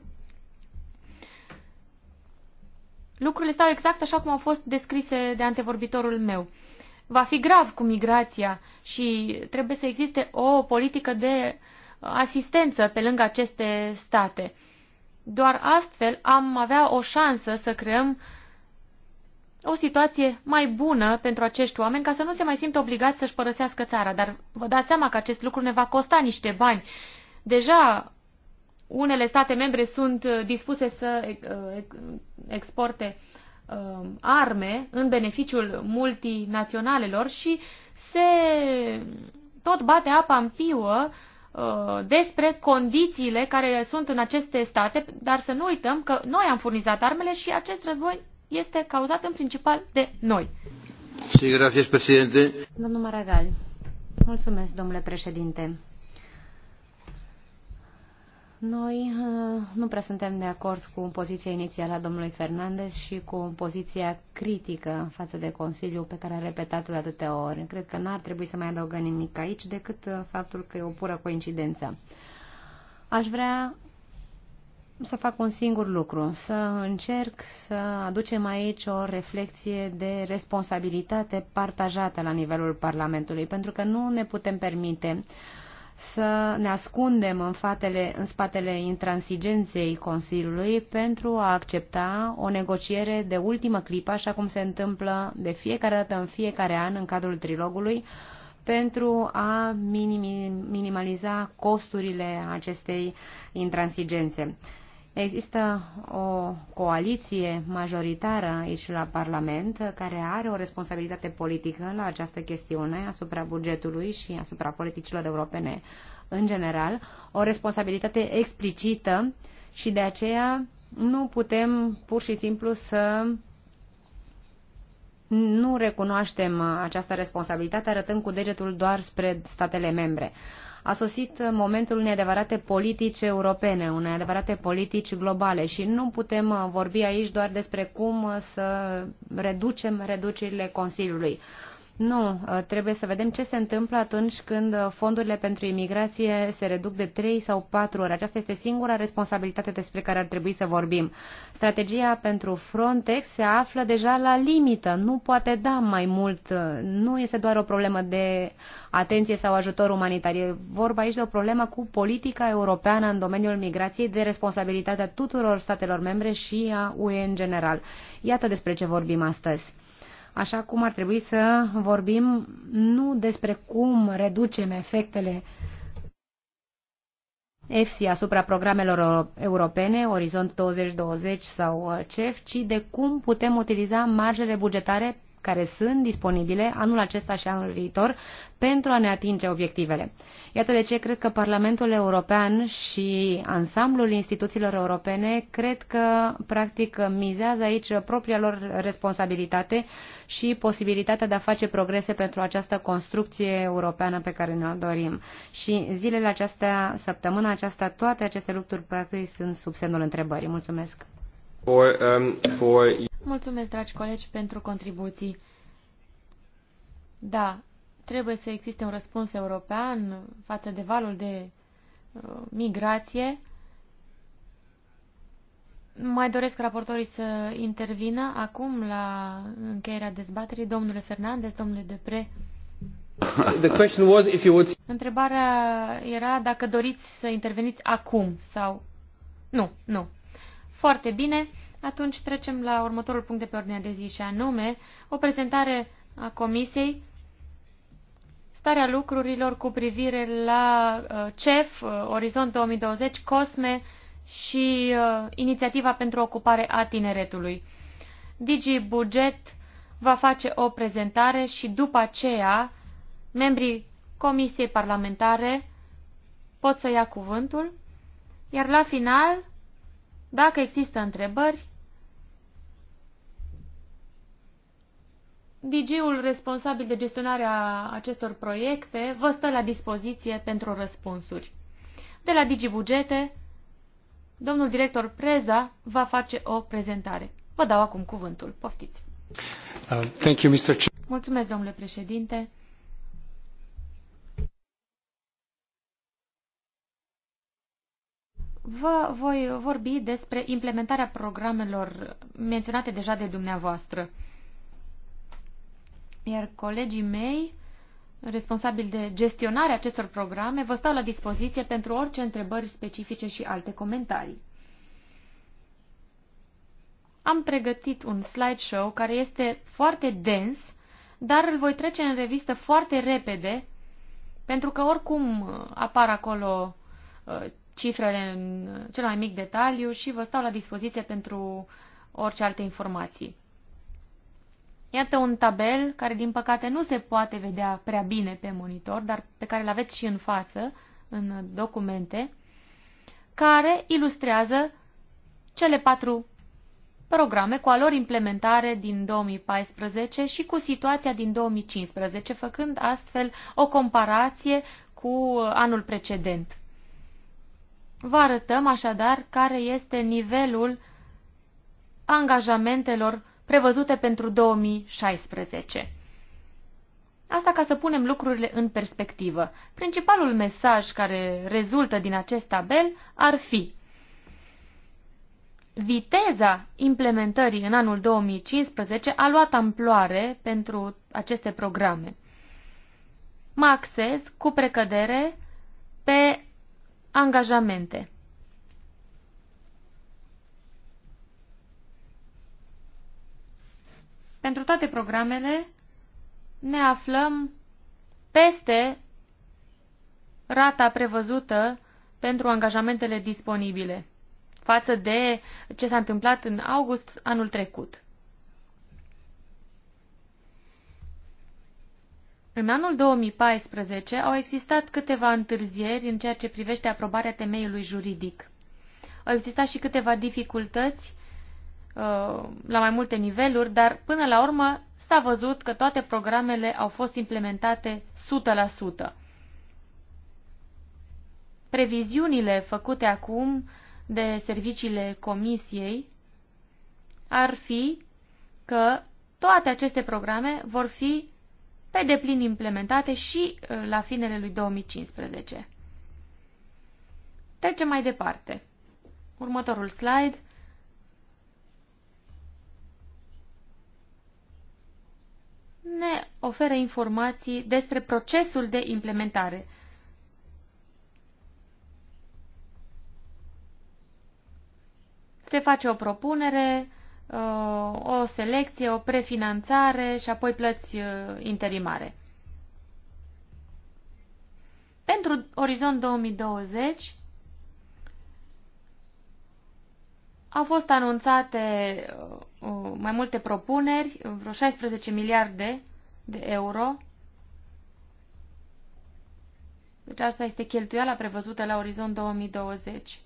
lucrurile stau exact așa cum au fost descrise de antevorbitorul meu. Va fi grav cu migrația și trebuie să existe o politică de asistență pe lângă aceste state. Doar astfel am avea o șansă să creăm uh, o situație mai bună pentru acești oameni ca să nu se mai simtă obligați să-și părăsească țara. Dar vă dați seama că acest lucru ne va costa niște bani. Deja unele state membre sunt uh, dispuse să uh, exporte uh, arme în beneficiul multinaționalelor și se tot bate apa în piuă despre condițiile care sunt în aceste state, dar să nu uităm că noi am furnizat armele și acest război este cauzat în principal de noi. Sí, gracias, presidente. Domnul Maragall, mulțumesc, domnule președinte. Noi uh, nu prea suntem de acord cu poziția inițială a domnului Fernandez și cu poziția critică față de Consiliu pe care a repetat-o de atâtea ori. Cred că n-ar trebui să mai adăugă nimic aici decât uh, faptul că e o pură coincidență. Aș vrea să fac un singur lucru, să încerc să aducem aici o reflexie de responsabilitate partajată la nivelul Parlamentului, pentru că nu ne putem permite să ne ascundem în, fatele, în spatele intransigenței Consiliului pentru a accepta o negociere de ultimă clipă, așa cum se întâmplă de fiecare dată în fiecare an în cadrul trilogului, pentru a minimaliza costurile acestei intransigențe. Există o coaliție majoritară aici la Parlament care are o responsabilitate politică la această chestiune asupra bugetului și asupra politicilor europene în general, o responsabilitate explicită și de aceea nu putem pur și simplu să nu recunoaștem această responsabilitate arătând cu degetul doar spre statele membre. A sosit momentul unei adevărate politici europene, unei adevărate politici globale și nu putem uh, vorbi aici doar despre cum uh, să reducem reducerile Consiliului. Nu, uh, trebuie să vedem ce se întâmplă atunci când uh, fondurile pentru imigrație se reduc de 3 sau 4 ori. Aceasta este singura responsabilitate despre care ar trebui să vorbim. Strategia pentru Frontex se află deja la limită, nu poate da mai mult. Uh, nu este doar o problemă de atenție sau ajutor umanitar. E vorba aici de o problemă cu politica europeană în domeniul migrației de responsabilitatea tuturor statelor membre și a UE în general. Iată despre ce vorbim astăzi așa cum ar trebui să vorbim nu despre cum reducem efectele EFSI asupra programelor europene, Orizont 2020 sau CEF, ci de cum putem utiliza marjele bugetare care sunt disponibile anul acesta și anul viitor pentru a ne atinge obiectivele. Iată de ce cred că Parlamentul European și ansamblul instituțiilor europene cred că, practic, mizează aici propria lor responsabilitate și posibilitatea de a face progrese pentru această construcție europeană pe care ne-o dorim. Și zilele acestea, săptămâna aceasta, toate aceste lucruri, practic, sunt sub semnul întrebării. Mulțumesc! For, um, for... Mulțumesc, dragi colegi, pentru contribuții. Da, Trebuie să existe un răspuns european față de valul de uh, migrație. Mai doresc raportorii să intervină acum la încheierea dezbaterii. Domnule Fernandez, domnule Depre. The question was if you would... Întrebarea era dacă doriți să interveniți acum sau... Nu, nu. Foarte bine. Atunci trecem la următorul punct de pe ordinea de zi și anume o prezentare a Comisiei starea lucrurilor cu privire la uh, CEF, uh, Orizont 2020, COSME și uh, Inițiativa pentru Ocupare a Tineretului. Digi Buget va face o prezentare și după aceea membrii Comisiei Parlamentare pot să ia cuvântul, iar la final, dacă există întrebări, DG-ul responsabil de gestionarea acestor proiecte vă stă la dispoziție pentru răspunsuri. De la Digi Bugete, domnul director Preza va face o prezentare. Vă dau acum cuvântul. Poftiți! Uh, thank you, Mr. Mulțumesc, domnule președinte. Vă voi vorbi despre implementarea programelor menționate deja de dumneavoastră iar colegii mei responsabili de gestionarea acestor programe vă stau la dispoziție pentru orice întrebări specifice și alte comentarii. Am pregătit un slideshow care este foarte dens, dar îl voi trece în revistă foarte repede, pentru că oricum apar acolo uh, cifrele în cel mai mic detaliu și vă stau la dispoziție pentru orice alte informații. Iată un tabel care, din păcate, nu se poate vedea prea bine pe monitor, dar pe care îl aveți și în față, în documente, care ilustrează cele patru programe cu a lor implementare din 2014 și cu situația din 2015, făcând astfel o comparație cu anul precedent. Vă arătăm așadar care este nivelul angajamentelor prevăzute pentru 2016. Asta ca să punem lucrurile în perspectivă. Principalul mesaj care rezultă din acest tabel ar fi Viteza implementării în anul 2015 a luat amploare pentru aceste programe. Mă cu precădere pe angajamente. Pentru toate programele ne aflăm peste rata prevăzută pentru angajamentele disponibile față de ce s-a întâmplat în august anul trecut. În anul 2014 au existat câteva întârzieri în ceea ce privește aprobarea temeiului juridic. Au existat și câteva dificultăți Uh, la mai multe niveluri, dar până la urmă s-a văzut că toate programele au fost implementate 100%. Previziunile făcute acum de serviciile comisiei ar fi că toate aceste programe vor fi pe deplin implementate și uh, la finele lui 2015. Trecem mai departe. Următorul slide ne oferă informații despre procesul de implementare. Se face o propunere, uh, o selecție, o prefinanțare și apoi plăți uh, interimare. Pentru Orizont 2020 Au fost anunțate uh, uh, mai multe propuneri, vreo 16 miliarde de euro. Deci asta este cheltuiala prevăzută la orizont 2020.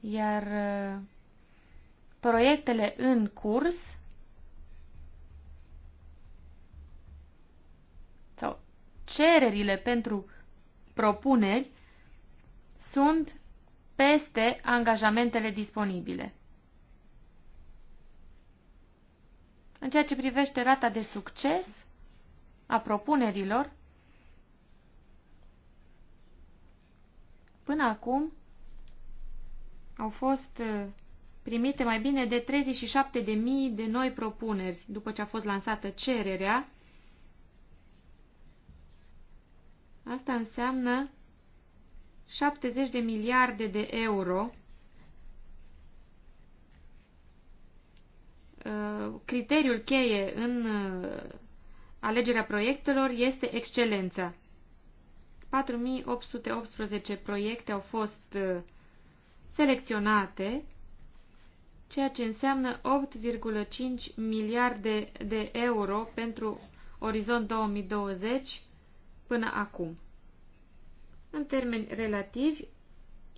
Iar uh, proiectele în curs sau cererile pentru propuneri sunt peste angajamentele disponibile. În ceea ce privește rata de succes a propunerilor, până acum au fost uh, primite mai bine de 37.000 de noi propuneri după ce a fost lansată cererea. Asta înseamnă 70 de miliarde de euro uh, criteriul cheie în uh, alegerea proiectelor este excelența. 4818 proiecte au fost uh, selecționate, ceea ce înseamnă 8,5 miliarde de euro pentru orizont 2020 până acum. În termeni relativi,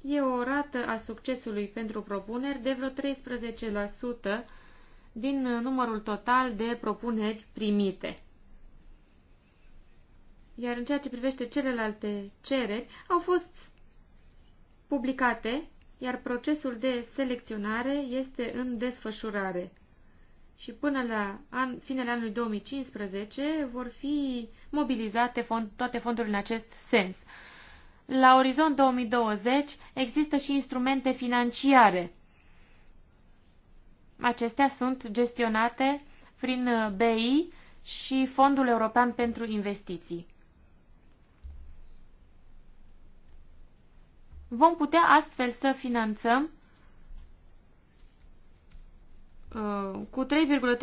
e o rată a succesului pentru propuneri de vreo 13% din numărul total de propuneri primite. Iar în ceea ce privește celelalte cereri, au fost publicate, iar procesul de selecționare este în desfășurare. Și până la an, finele anului 2015 vor fi mobilizate fond, toate fondurile în acest sens la Orizont 2020 există și instrumente financiare. Acestea sunt gestionate prin uh, BI și Fondul European pentru Investiții. Vom putea astfel să finanțăm uh, cu 3,3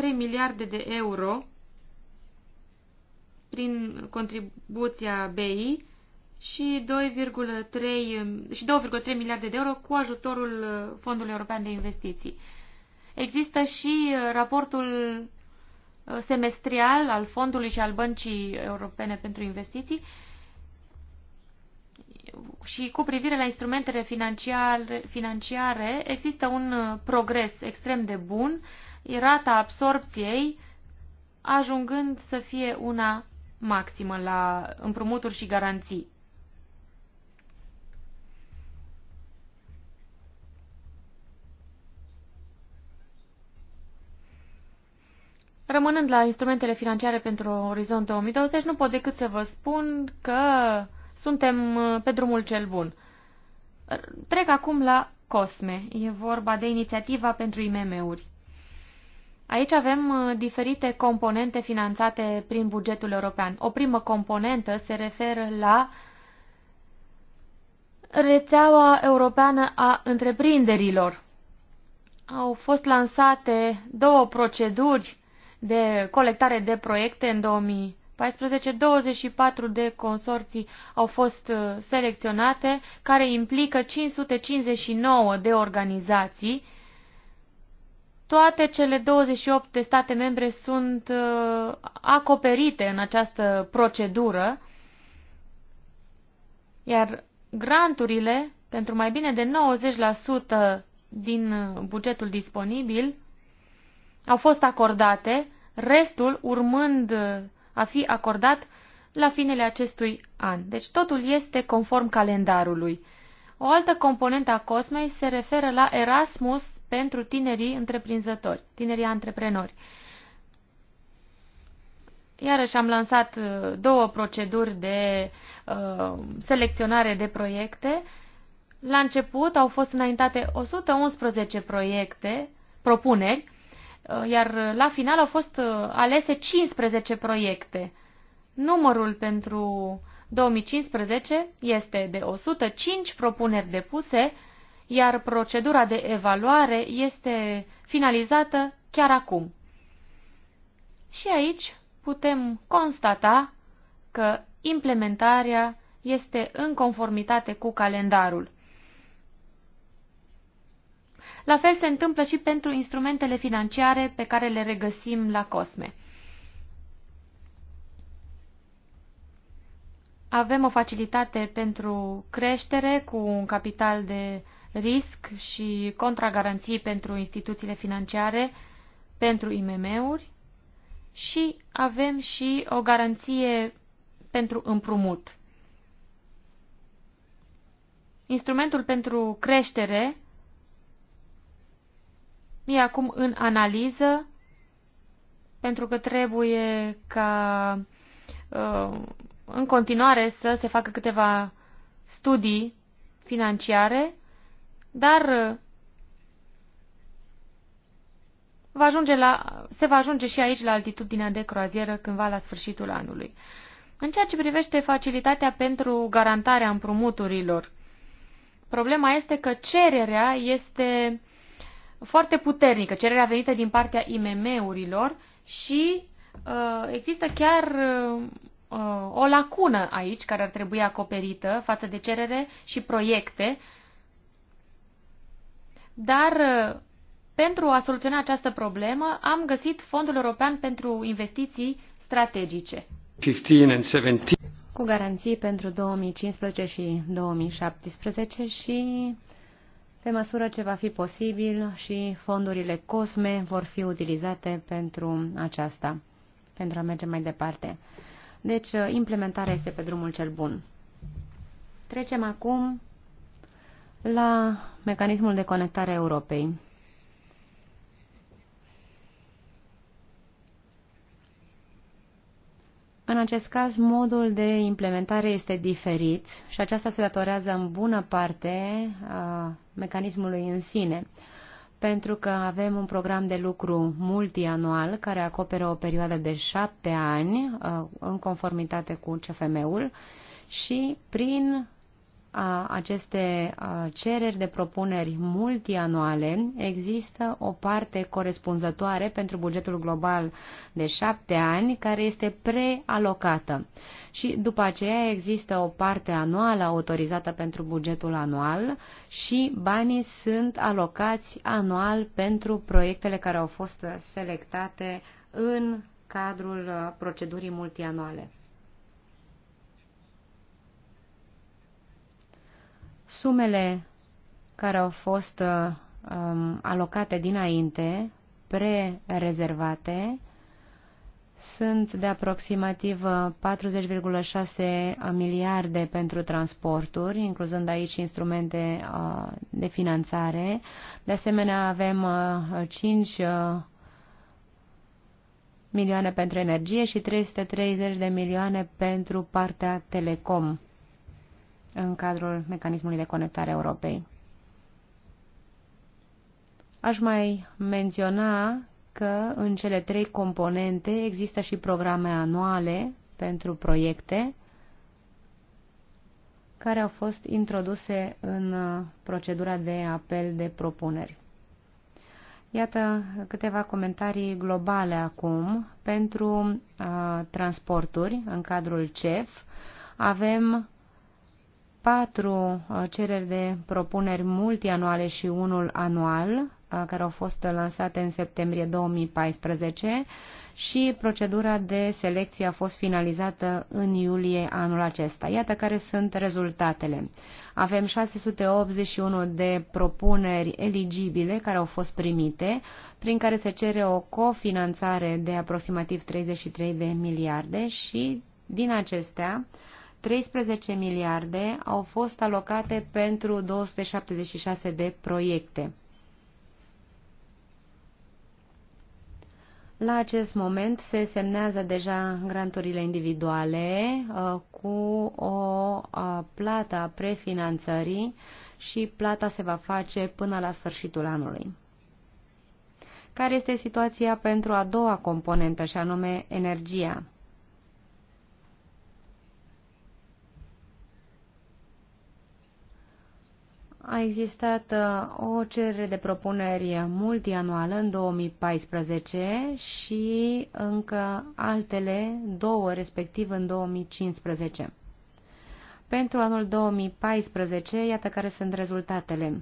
miliarde de euro prin contribuția BI și 2,3 și 2,3 miliarde de euro cu ajutorul uh, Fondului European de Investiții. Există și uh, raportul uh, semestrial al Fondului și al Băncii Europene pentru Investiții și cu privire la instrumentele financiare, financiare există un progres extrem de bun, rata absorpției ajungând să fie una maximă la împrumuturi și garanții. Rămânând la instrumentele financiare pentru Orizont 2020, nu pot decât să vă spun că suntem uh, pe drumul cel bun. Trec acum la COSME. E vorba de inițiativa pentru IMM-uri. Aici avem uh, diferite componente finanțate prin bugetul european. O primă componentă se referă la rețeaua europeană a întreprinderilor. Au fost lansate două proceduri de colectare de proiecte în 2014, 24 de consorții au fost uh, selecționate, care implică 559 de organizații. Toate cele 28 de state membre sunt uh, acoperite în această procedură, iar granturile pentru mai bine de 90% din uh, bugetul disponibil au fost acordate, restul urmând a fi acordat la finele acestui an. Deci totul este conform calendarului. O altă componentă a COSMEI se referă la Erasmus pentru tinerii întreprinzători, tinerii antreprenori. Iarăși am lansat uh, două proceduri de uh, selecționare de proiecte. La început au fost înaintate 111 proiecte, propuneri, Uh, iar la final au fost uh, alese 15 proiecte. Numărul pentru 2015 este de 105 propuneri depuse, iar procedura de evaluare este finalizată chiar acum. Și aici putem constata că implementarea este în conformitate cu calendarul. La fel se întâmplă și pentru instrumentele financiare pe care le regăsim la COSME. Avem o facilitate pentru creștere cu un capital de risc și contragaranții pentru instituțiile financiare, pentru IMM-uri și avem și o garanție pentru împrumut. Instrumentul pentru creștere e acum în analiză, pentru că trebuie ca uh, în continuare să se facă câteva studii financiare, dar uh, va ajunge la, se va ajunge și aici la altitudinea de croazieră cândva la sfârșitul anului. În ceea ce privește facilitatea pentru garantarea împrumuturilor, problema este că cererea este uh, foarte puternică, cererea venită din partea IMM-urilor și uh, există chiar uh, o lacună aici care ar trebui acoperită față de cerere și proiecte. Dar uh, pentru a soluționa această problemă am găsit Fondul European pentru Investiții Strategice. 15 and 17 cu garanții pentru 2015 și 2017 și pe măsură ce va fi posibil și fondurile COSME vor fi utilizate pentru aceasta, pentru a merge mai departe. Deci, implementarea este pe drumul cel bun. Trecem acum la mecanismul de conectare a Europei. În acest caz, modul de implementare este diferit și aceasta se datorează în bună parte a mecanismului în sine, pentru că avem un program de lucru multianual care acoperă o perioadă de șapte ani în conformitate cu CFM-ul și prin a aceste cereri de propuneri multianuale există o parte corespunzătoare pentru bugetul global de șapte ani care este prealocată și după aceea există o parte anuală autorizată pentru bugetul anual și banii sunt alocați anual pentru proiectele care au fost selectate în cadrul procedurii multianuale. Sumele care au fost uh, um, alocate dinainte, pre-rezervate, sunt de aproximativ 40,6 uh, miliarde pentru transporturi, incluzând aici instrumente uh, de finanțare. De asemenea, avem 5 milioane pentru energie și 330 de milioane pentru partea telecom în cadrul mecanismului de conectare Europei. Aș mai menționa că în cele trei componente există și programe anuale pentru proiecte care au fost introduse în procedura de apel de propuneri. Iată câteva comentarii globale acum pentru uh, transporturi în cadrul CEF. Avem patru uh, cereri de propuneri multianuale și unul anual, uh, care au fost lansate în septembrie 2014 și procedura de selecție a fost finalizată în iulie anul acesta. Iată care sunt rezultatele. Avem 681 de propuneri eligibile care au fost primite, prin care se cere o cofinanțare de aproximativ 33 de miliarde și din acestea 13 miliarde au fost alocate pentru 276 de proiecte. La acest moment se semnează deja granturile individuale uh, cu o uh, plată a prefinanțării și plata se va face până la sfârșitul anului. Care este situația pentru a doua componentă, și anume energia? a existat uh, o cerere de propuneri multianuală în 2014 și încă altele două, respectiv în 2015. Pentru anul 2014, iată care sunt rezultatele.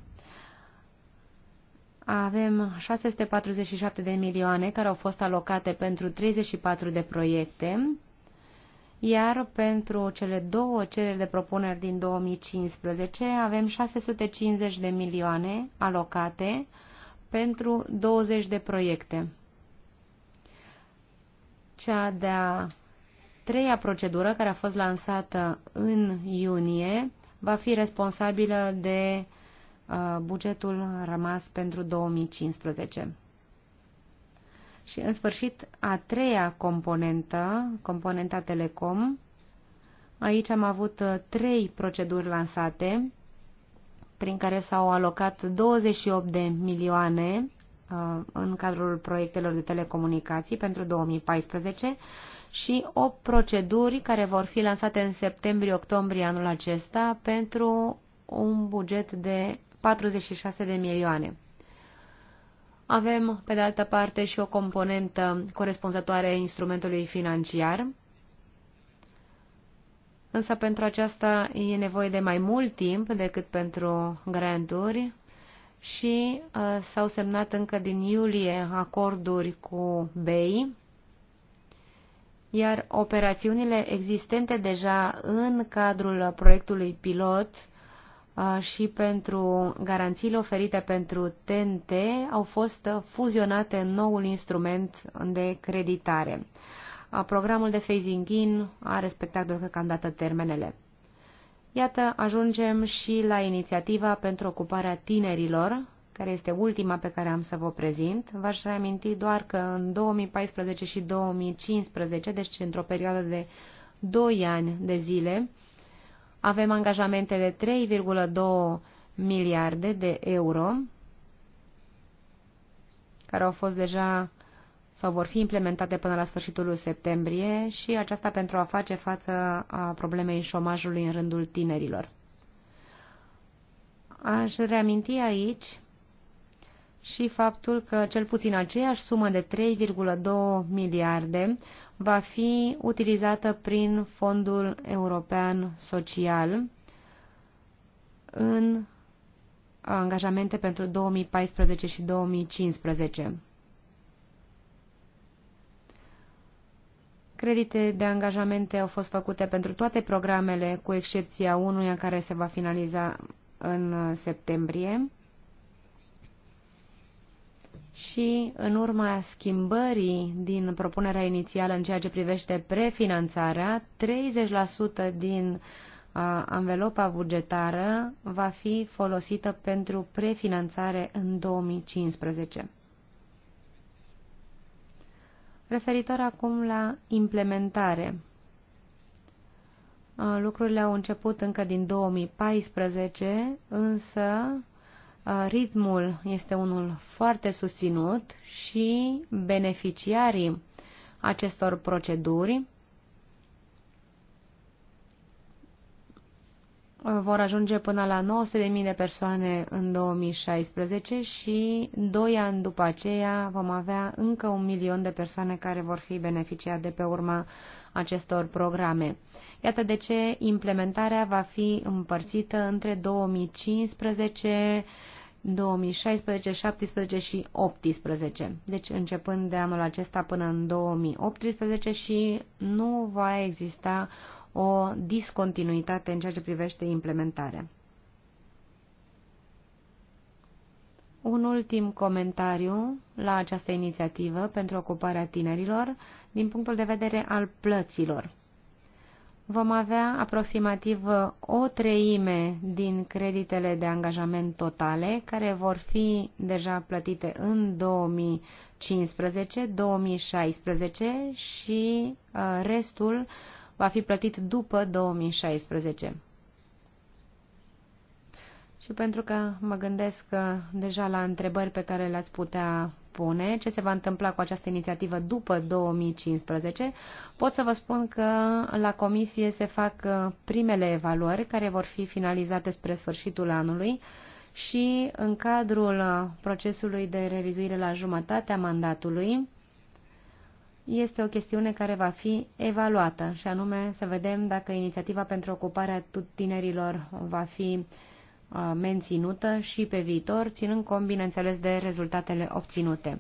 Avem 647 de milioane care au fost alocate pentru 34 de proiecte, iar pentru cele două cereri de propuneri din 2015 avem 650 de milioane alocate pentru 20 de proiecte. Cea de-a treia procedură, care a fost lansată în iunie, va fi responsabilă de uh, bugetul rămas pentru 2015. Și, în sfârșit, a treia componentă, componenta Telecom, aici am avut uh, trei proceduri lansate, prin care s-au alocat 28 de milioane uh, în cadrul proiectelor de telecomunicații pentru 2014 și 8 proceduri care vor fi lansate în septembrie-octombrie anul acesta pentru un buget de 46 de milioane. Avem, pe de altă parte, și o componentă corespunzătoare instrumentului financiar, însă pentru aceasta e nevoie de mai mult timp decât pentru granturi și uh, s-au semnat încă din iulie acorduri cu BEI, iar operațiunile existente deja în cadrul proiectului pilot uh, și pentru garanțiile oferite pentru TNT au fost uh, fuzionate în noul instrument de creditare. Programul de phasing in a respectat deocamdată termenele. Iată, ajungem și la inițiativa pentru ocuparea tinerilor, care este ultima pe care am să vă prezint. V-aș reaminti doar că în 2014 și 2015, deci într-o perioadă de 2 ani de zile, avem angajamente de 3,2 miliarde de euro care au fost deja sau vor fi implementate până la sfârșitul septembrie și aceasta pentru a face față a problemei șomajului în rândul tinerilor. Aș reaminti aici și faptul că cel puțin aceeași sumă de 3,2 miliarde va fi utilizată prin Fondul European Social în angajamente pentru 2014 și 2015. Credite de angajamente au fost făcute pentru toate programele, cu excepția unuia care se va finaliza în septembrie și în urma schimbării din propunerea inițială în ceea ce privește prefinanțarea, 30% din anvelopa bugetară va fi folosită pentru prefinanțare în 2015. Referitor acum la implementare. Lucrurile au început încă din 2014, însă ritmul este unul foarte susținut și beneficiarii acestor proceduri vor ajunge până la 900.000 de persoane în 2016 și doi ani după aceea vom avea încă un milion de persoane care vor fi beneficiate de pe urma acestor programe. Iată de ce implementarea va fi împărțită între 2015 2016, 17 și 18. Deci începând de anul acesta până în 2018 și nu va exista o discontinuitate în ceea ce privește implementarea. Un ultim comentariu la această inițiativă pentru ocuparea tinerilor din punctul de vedere al plăților vom avea aproximativ uh, o treime din creditele de angajament totale care vor fi deja plătite în 2015, 2016 și uh, restul va fi plătit după 2016. Și pentru că mă gândesc uh, deja la întrebări pe care le-ați putea spune ce se va întâmpla cu această inițiativă după 2015, pot să vă spun că la comisie se fac uh, primele evaluări care vor fi finalizate spre sfârșitul anului și în cadrul uh, procesului de revizuire la jumătatea mandatului este o chestiune care va fi evaluată și anume să vedem dacă inițiativa pentru ocuparea tinerilor va fi uh, Uh, menținută și pe viitor, ținând cont, bineînțeles, de rezultatele obținute.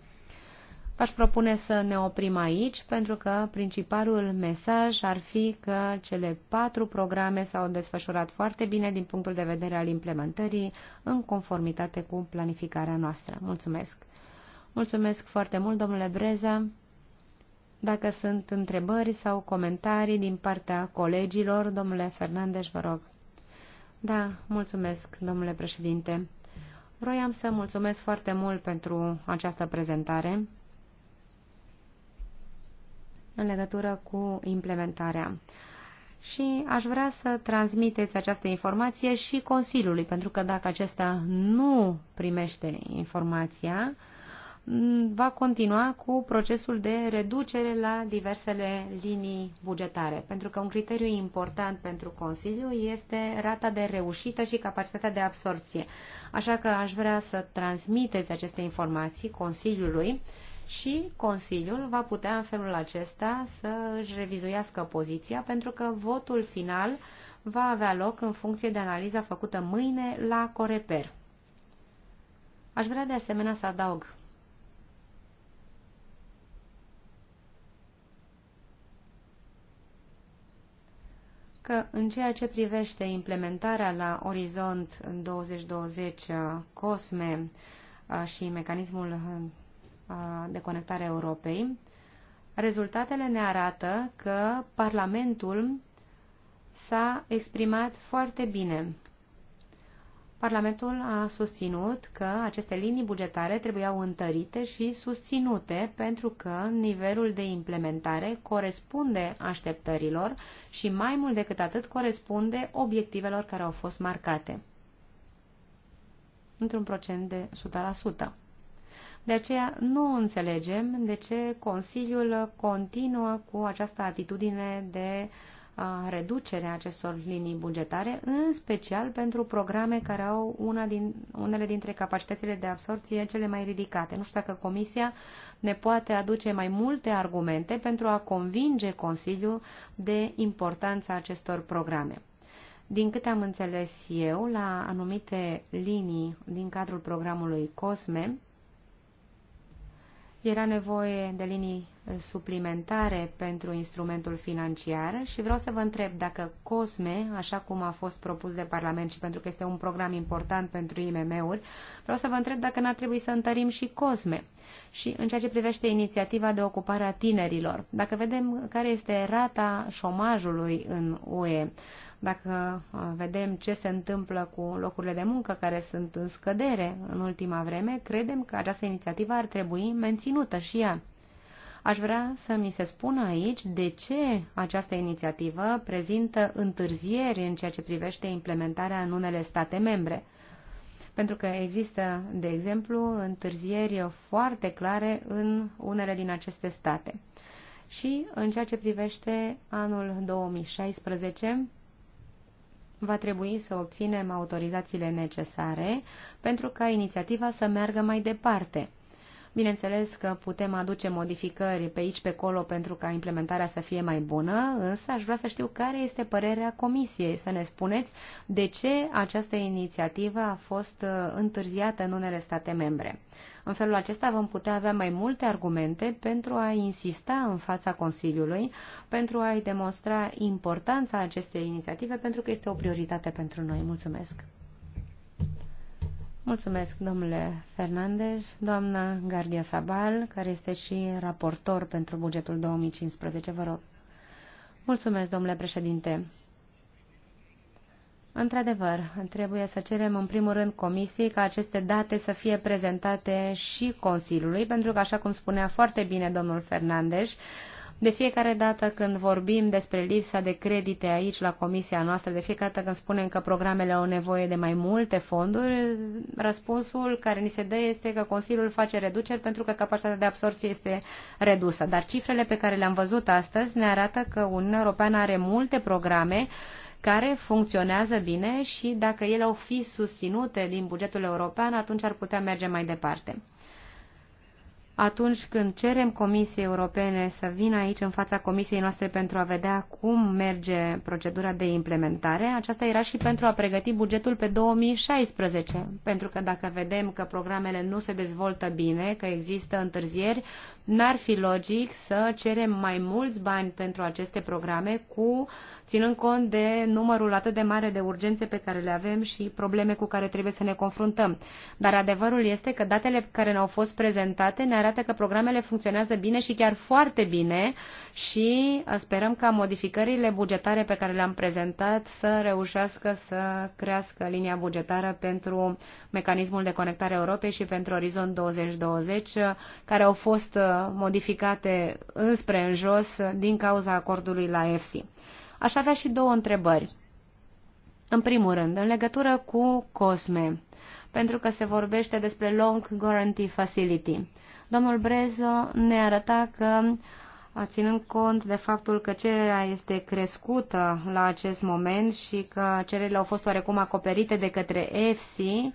V-aș propune să ne oprim aici, pentru că principalul mesaj ar fi că cele patru programe s-au desfășurat foarte bine din punctul de vedere al implementării, în conformitate cu planificarea noastră. Mulțumesc! Mulțumesc foarte mult, domnule Breza! Dacă sunt întrebări sau comentarii din partea colegilor, domnule Fernandez, vă rog. Da, mulțumesc, domnule președinte. Vroiam să mulțumesc foarte mult pentru această prezentare în legătură cu implementarea. Și aș vrea să transmiteți această informație și Consiliului, pentru că dacă acesta nu primește informația, va continua cu procesul de reducere la diversele linii bugetare, pentru că un criteriu important pentru Consiliu este rata de reușită și capacitatea de absorție. Așa că aș vrea să transmiteți aceste informații Consiliului și Consiliul va putea în felul acesta să își revizuiască poziția, pentru că votul final va avea loc în funcție de analiza făcută mâine la Coreper. Aș vrea de asemenea să adaug că în ceea ce privește implementarea la Orizont 2020 uh, COSME uh, și mecanismul uh, de conectare a Europei, rezultatele ne arată că Parlamentul s-a exprimat foarte bine Parlamentul a susținut că aceste linii bugetare trebuiau întărite și susținute pentru că nivelul de implementare corespunde așteptărilor și mai mult decât atât corespunde obiectivelor care au fost marcate într-un procent de 100%. De aceea nu înțelegem de ce Consiliul continuă cu această atitudine de uh, reducerea acestor linii bugetare, în special pentru programe care au una din, unele dintre capacitățile de absorție cele mai ridicate. Nu știu dacă Comisia ne poate aduce mai multe argumente pentru a convinge Consiliul de importanța acestor programe. Din câte am înțeles eu, la anumite linii din cadrul programului COSME, era nevoie de linii suplimentare pentru instrumentul financiar și vreau să vă întreb dacă COSME, așa cum a fost propus de Parlament și pentru că este un program important pentru IMM-uri, vreau să vă întreb dacă n-ar trebui să întărim și COSME și în ceea ce privește inițiativa de ocupare a tinerilor. Dacă vedem care este rata șomajului în UE, dacă uh, vedem ce se întâmplă cu locurile de muncă care sunt în scădere în ultima vreme, credem că această inițiativă ar trebui menținută și ea. Aș vrea să mi se spună aici de ce această inițiativă prezintă întârzieri în ceea ce privește implementarea în unele state membre. Pentru că există, de exemplu, întârzieri foarte clare în unele din aceste state. Și în ceea ce privește anul 2016, va trebui să obținem autorizațiile necesare pentru ca inițiativa să meargă mai departe. Bineînțeles că putem aduce modificări pe aici, pe acolo, pentru ca implementarea să fie mai bună, însă aș vrea să știu care este părerea Comisiei, să ne spuneți de ce această inițiativă a fost uh, întârziată în unele state membre. În felul acesta vom putea avea mai multe argumente pentru a insista în fața Consiliului, pentru a-i demonstra importanța acestei inițiative, pentru că este o prioritate pentru noi. Mulțumesc! Mulțumesc, domnule Fernandez, doamna Gardia Sabal, care este și raportor pentru bugetul 2015. Vă rog. Mulțumesc, domnule președinte. Într-adevăr, trebuie să cerem în primul rând comisiei ca aceste date să fie prezentate și Consiliului, pentru că, așa cum spunea foarte bine domnul Fernandez, de fiecare dată când vorbim despre lipsa de credite aici la comisia noastră, de fiecare dată când spunem că programele au nevoie de mai multe fonduri, răspunsul care ni se dă este că Consiliul face reduceri pentru că capacitatea de absorție este redusă. Dar cifrele pe care le-am văzut astăzi ne arată că Uniunea Europeană are multe programe care funcționează bine și dacă ele au fi susținute din bugetul european, atunci ar putea merge mai departe atunci când cerem Comisiei Europene să vină aici în fața Comisiei noastre pentru a vedea cum merge procedura de implementare, aceasta era și pentru a pregăti bugetul pe 2016, pentru că dacă vedem că programele nu se dezvoltă bine, că există întârzieri, n-ar fi logic să cerem mai mulți bani pentru aceste programe cu uh, ținând cont de numărul atât de mare de urgențe pe care le avem și probleme cu care trebuie să ne confruntăm. Dar adevărul este că datele care ne-au fost prezentate ne arată că programele funcționează bine și chiar foarte bine și uh, sperăm ca modificările bugetare pe care le-am prezentat să reușească să crească linia bugetară pentru mecanismul de conectare Europei și pentru Orizont 2020, uh, care au fost uh, modificate înspre în jos din cauza acordului la EFSI. Aș avea și două întrebări. În primul rând, în legătură cu COSME, pentru că se vorbește despre Long Guarantee Facility. Domnul Brezo ne arăta că ținând cont de faptul că cererea este crescută la acest moment și că cererile au fost oarecum acoperite de către EFSI,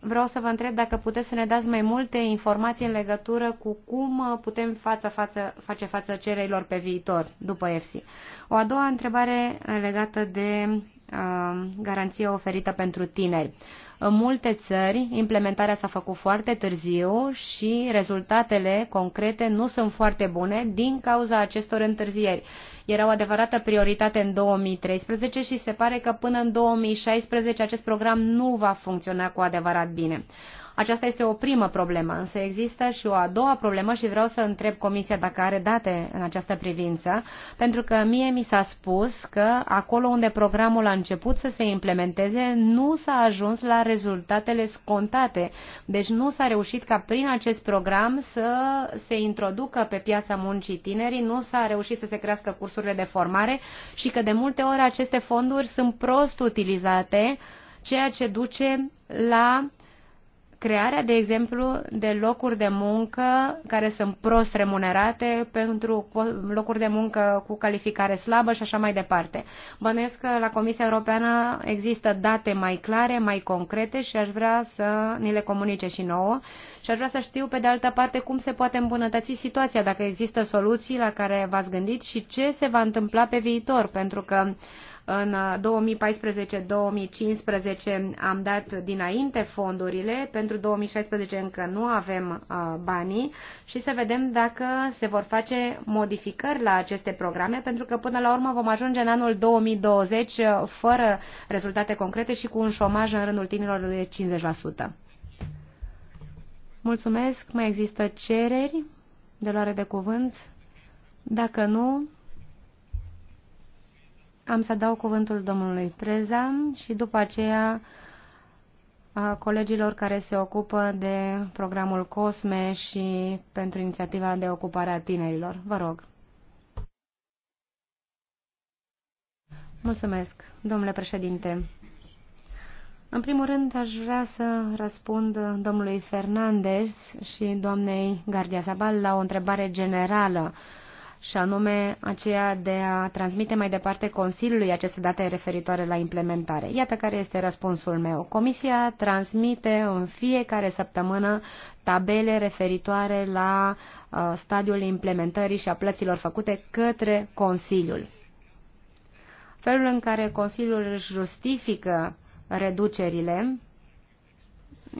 Vreau să vă întreb dacă puteți să ne dați mai multe informații în legătură cu cum putem față, față, face față cererilor pe viitor după EFSI. O a doua întrebare legată de uh, garanția oferită pentru tineri. Uh, în multe țări, implementarea s-a făcut foarte târziu și rezultatele concrete nu sunt foarte bune din cauza acestor întârzieri. Era o adevărată prioritate în 2013 și se pare că până în 2016 acest program nu va funcționa cu adevărat bine. Aceasta este o primă problemă, însă există și o a doua problemă și vreau să întreb Comisia dacă are date în această privință, pentru că mie mi s-a spus că acolo unde programul a început să se implementeze, nu s-a ajuns la rezultatele scontate. Deci nu s-a reușit ca prin acest program să se introducă pe piața muncii tinerii, nu s-a reușit să se crească cursurile de formare și că de multe ori aceste fonduri sunt prost utilizate, ceea ce duce la crearea, de exemplu, de locuri de muncă care sunt prost remunerate pentru locuri de muncă cu calificare slabă și așa mai departe. Bănuiesc că la Comisia Europeană există date mai clare, mai concrete și aș vrea să ni le comunice și nouă și aș vrea să știu, pe de altă parte, cum se poate îmbunătăți situația, dacă există soluții la care v-ați gândit și ce se va întâmpla pe viitor, pentru că în 2014-2015 uh, am dat dinainte fondurile, pentru 2016 încă nu avem uh, banii și să vedem dacă se vor face modificări la aceste programe, pentru că până la urmă vom ajunge în anul 2020 uh, fără rezultate concrete și cu un șomaj în rândul tinerilor de 50%. Mulțumesc. Mai există cereri de luare de cuvânt? Dacă nu, am să dau cuvântul domnului Preza și după aceea a colegilor care se ocupă de programul COSME și pentru inițiativa de ocupare a tinerilor. Vă rog. Mulțumesc, domnule președinte. În primul rând, aș vrea să răspund domnului Fernandez și doamnei Gardia Sabal la o întrebare generală și anume aceea de a transmite mai departe Consiliului aceste date referitoare la implementare. Iată care este răspunsul meu. Comisia transmite în fiecare săptămână tabele referitoare la uh, stadiul implementării și a plăților făcute către Consiliul. Felul în care Consiliul își justifică reducerile,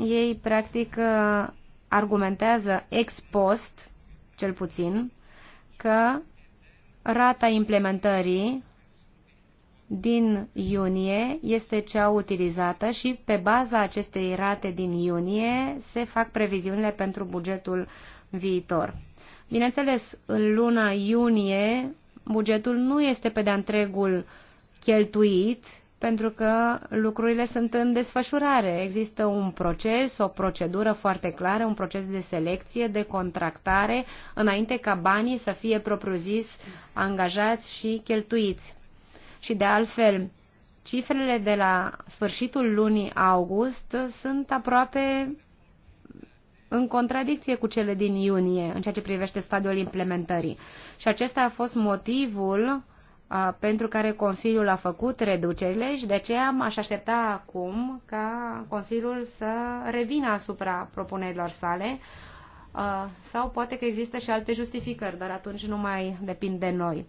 ei practic uh, argumentează ex post, cel puțin, că rata implementării din iunie este cea utilizată și pe baza acestei rate din iunie se fac previziunile pentru bugetul viitor. Bineînțeles, în luna iunie bugetul nu este pe de-a întregul cheltuit pentru că lucrurile sunt în desfășurare. Există un proces, o procedură foarte clară, un proces de selecție, de contractare, înainte ca banii să fie propriu-zis angajați și cheltuiți. Și de altfel, cifrele de la sfârșitul lunii august sunt aproape în contradicție cu cele din iunie în ceea ce privește stadiul implementării. Și acesta a fost motivul uh, pentru care Consiliul a făcut reducerile și de aceea m-aș aștepta acum ca Consiliul să revină asupra propunerilor sale sau poate că există și alte justificări, dar atunci nu mai depind de noi.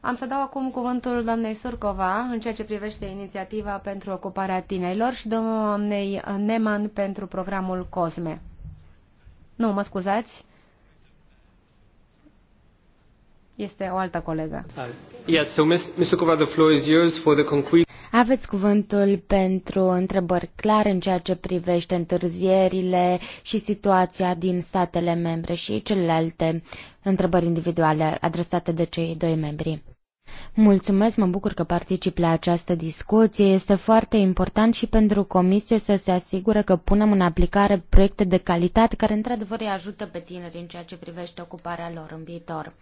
Am să dau acum cuvântul doamnei Surcova în ceea ce privește inițiativa pentru ocuparea tinerilor și doamnei Neman pentru programul COSME. Nu, mă scuzați, este o altă colegă. Yes, so the floor is yours for the concrete... Aveți cuvântul pentru întrebări clare în ceea ce privește întârzierile și situația din statele membre și celelalte întrebări individuale adresate de cei doi membri. Mulțumesc, mă bucur că particip la această discuție. Este foarte important și pentru Comisie să se asigure că punem în aplicare proiecte de calitate care într-adevăr îi ajută pe tineri în ceea ce privește ocuparea lor în viitor.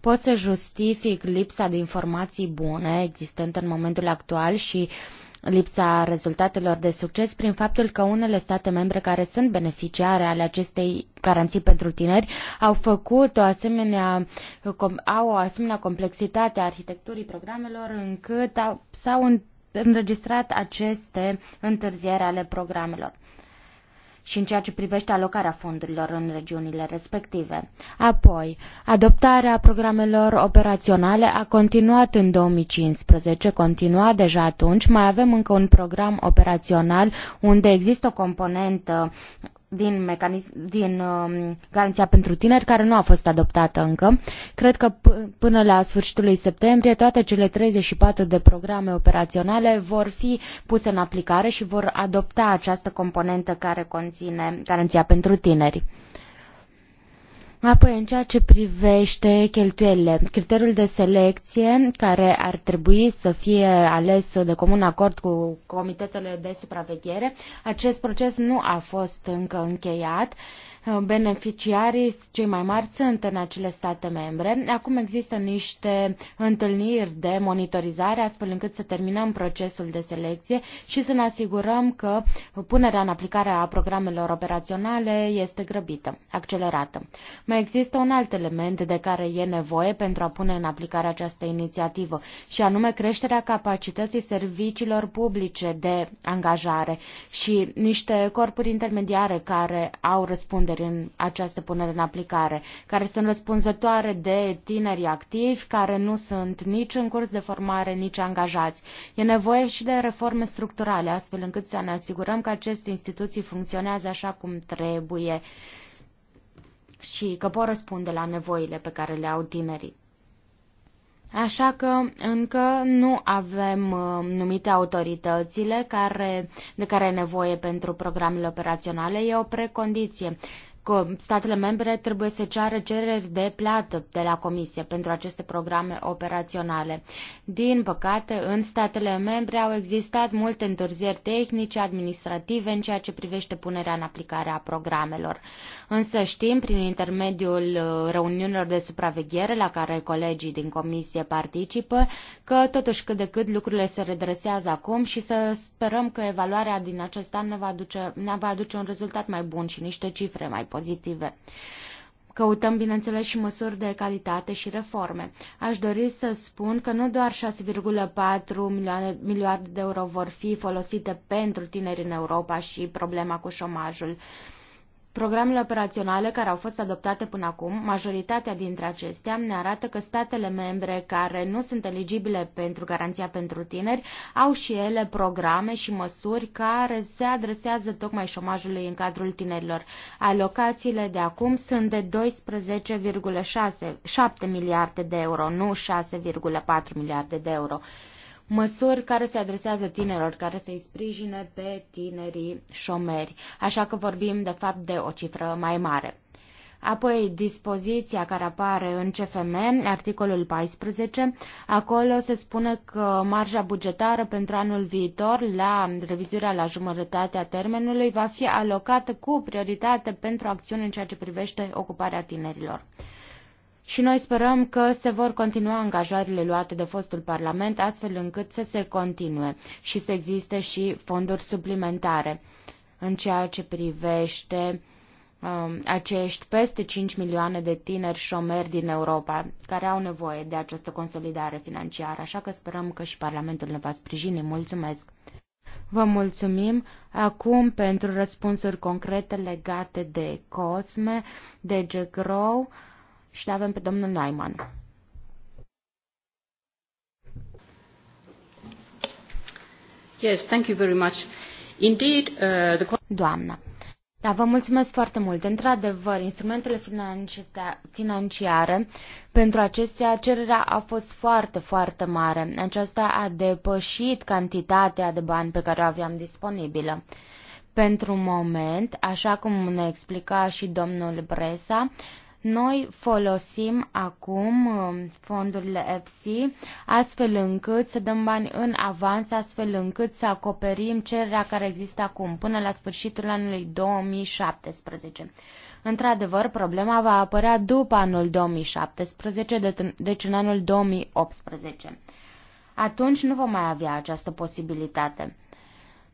Pot să justific lipsa de informații bune existente în momentul actual și uh, lipsa rezultatelor de succes prin faptul că unele state membre care sunt beneficiare ale acestei garanții pentru tineri au făcut o asemenea, au o asemenea complexitate a arhitecturii programelor încât s-au înregistrat aceste întârzieri ale programelor și în ceea ce privește alocarea fondurilor în regiunile respective. Apoi, adoptarea programelor operaționale a continuat în 2015, continua deja atunci, mai avem încă un program operațional unde există o componentă din, mecanism, din uh, garanția pentru tineri, care nu a fost adoptată încă. Cred că până la sfârșitul lui septembrie toate cele 34 de programe operaționale vor fi puse în aplicare și vor adopta această componentă care conține garanția pentru tineri. Apoi, în ceea ce privește cheltuielile, criteriul de selecție care ar trebui să fie ales de comun acord cu comitetele de supraveghere, acest proces nu a fost încă încheiat. Uh, Uh, beneficiarii cei mai mari sunt în acele state membre. Acum există niște întâlniri de monitorizare astfel încât să terminăm procesul de selecție și să ne asigurăm că punerea în aplicare a programelor operaționale este grăbită, accelerată. Mai există un alt element de care e nevoie pentru a pune în aplicare această inițiativă și anume creșterea capacității serviciilor publice de angajare și niște corpuri intermediare care au răspundere întreprinderi în această punere în aplicare, care sunt răspunzătoare de tineri activi, care nu sunt nici în curs de formare, nici angajați. E nevoie și de reforme structurale, astfel încât să ne asigurăm că aceste instituții funcționează așa cum trebuie și că pot răspunde la nevoile pe care le au tinerii. Așa că încă nu avem uh, numite autoritățile care, de care e nevoie pentru programele operaționale. E o precondiție statele membre trebuie să ceară cereri de plată de la Comisie pentru aceste programe operaționale. Din păcate, în statele membre au existat multe întârzieri tehnice, administrative în ceea ce privește punerea în aplicare a programelor. Însă știm, prin intermediul uh, reuniunilor de supraveghere la care colegii din Comisie participă, că totuși cât de cât lucrurile se redresează acum și să sperăm că evaluarea din acest an ne va aduce, ne va aduce un rezultat mai bun și niște cifre mai pozitive pozitive. Căutăm, bineînțeles, și măsuri de calitate și reforme. Aș dori să spun că nu doar 6,4 milioane, miliarde de euro vor fi folosite pentru tineri în Europa și problema cu șomajul. Uh, Programele operaționale care au fost adoptate până acum, majoritatea dintre acestea ne arată că statele membre care nu sunt eligibile pentru garanția pentru tineri au și ele programe și măsuri care se adresează tocmai șomajului în cadrul tinerilor. Alocațiile de acum sunt de 12,7 miliarde de euro, nu 6,4 miliarde de euro măsuri care se adresează tinerilor, care să-i sprijine pe tinerii șomeri. Așa că vorbim de fapt de o cifră mai mare. Apoi, dispoziția care apare în CFM, articolul 14, acolo se spune că marja bugetară pentru anul viitor, la revizuirea la jumătatea termenului, va fi alocată cu prioritate pentru acțiuni în ceea ce privește ocuparea tinerilor și noi sperăm că se vor continua angajările luate de fostul Parlament astfel încât să se continue și să existe și fonduri suplimentare în ceea ce privește um, acești peste 5 milioane de tineri șomeri din Europa care au nevoie de această consolidare financiară, așa că sperăm că și Parlamentul ne va sprijini. Mulțumesc! Vă mulțumim acum pentru răspunsuri concrete legate de COSME, de GEGROW, și avem pe domnul Neumann. Yes, thank you very much. Indeed, uh, the... Doamna, da, vă mulțumesc foarte mult. Într-adevăr, instrumentele financiare, pentru acestea cererea a fost foarte, foarte mare. Aceasta a depășit cantitatea de bani pe care o aveam disponibilă. Pentru moment, așa cum ne explica și domnul Bresa, uh, noi folosim acum um, fondurile EPSI astfel încât să dăm bani în avans, astfel încât să acoperim cererea care există acum până la sfârșitul anului 2017. Într-adevăr, problema va apărea după anul 2017, deci în anul 2018. Atunci nu vom mai avea această posibilitate.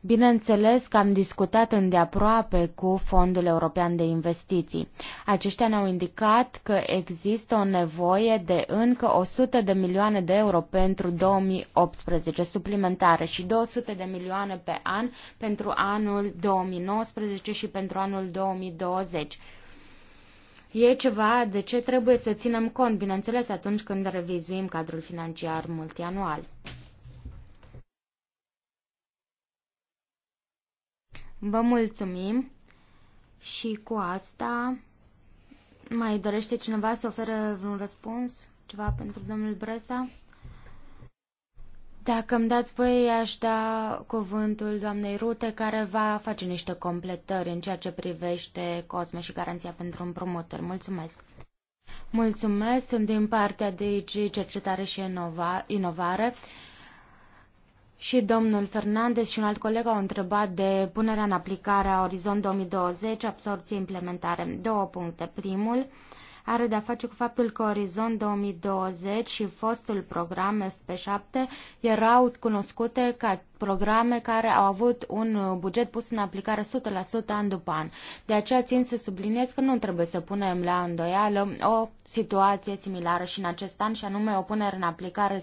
Bineînțeles că am discutat îndeaproape cu Fondul European de Investiții. Aceștia ne-au indicat că există o nevoie de încă 100 de milioane de euro pentru 2018 suplimentare și 200 de milioane pe an pentru anul 2019 și pentru anul 2020. E ceva de ce trebuie să ținem cont, bineînțeles, atunci când revizuim cadrul financiar multianual. Vă mulțumim și cu asta mai dorește cineva să ofere un răspuns, ceva pentru domnul Bresa? Dacă îmi dați voi, aș da cuvântul doamnei Rute, care va face niște completări în ceea ce privește Cosme și garanția pentru un promotor. Mulțumesc! Mulțumesc, sunt din partea DG Cercetare și Inova Inovare și domnul Fernandez și un alt coleg au întrebat de punerea în aplicare a Orizont 2020, absorție, implementare. Două puncte. Primul, are de-a face cu faptul că Orizont 2020 și fostul program FP7 erau cunoscute ca programe care au avut un buget pus în aplicare 100% an după an. De aceea țin să subliniez că nu trebuie să punem la îndoială o situație similară și în acest an, și anume o punere în aplicare 100%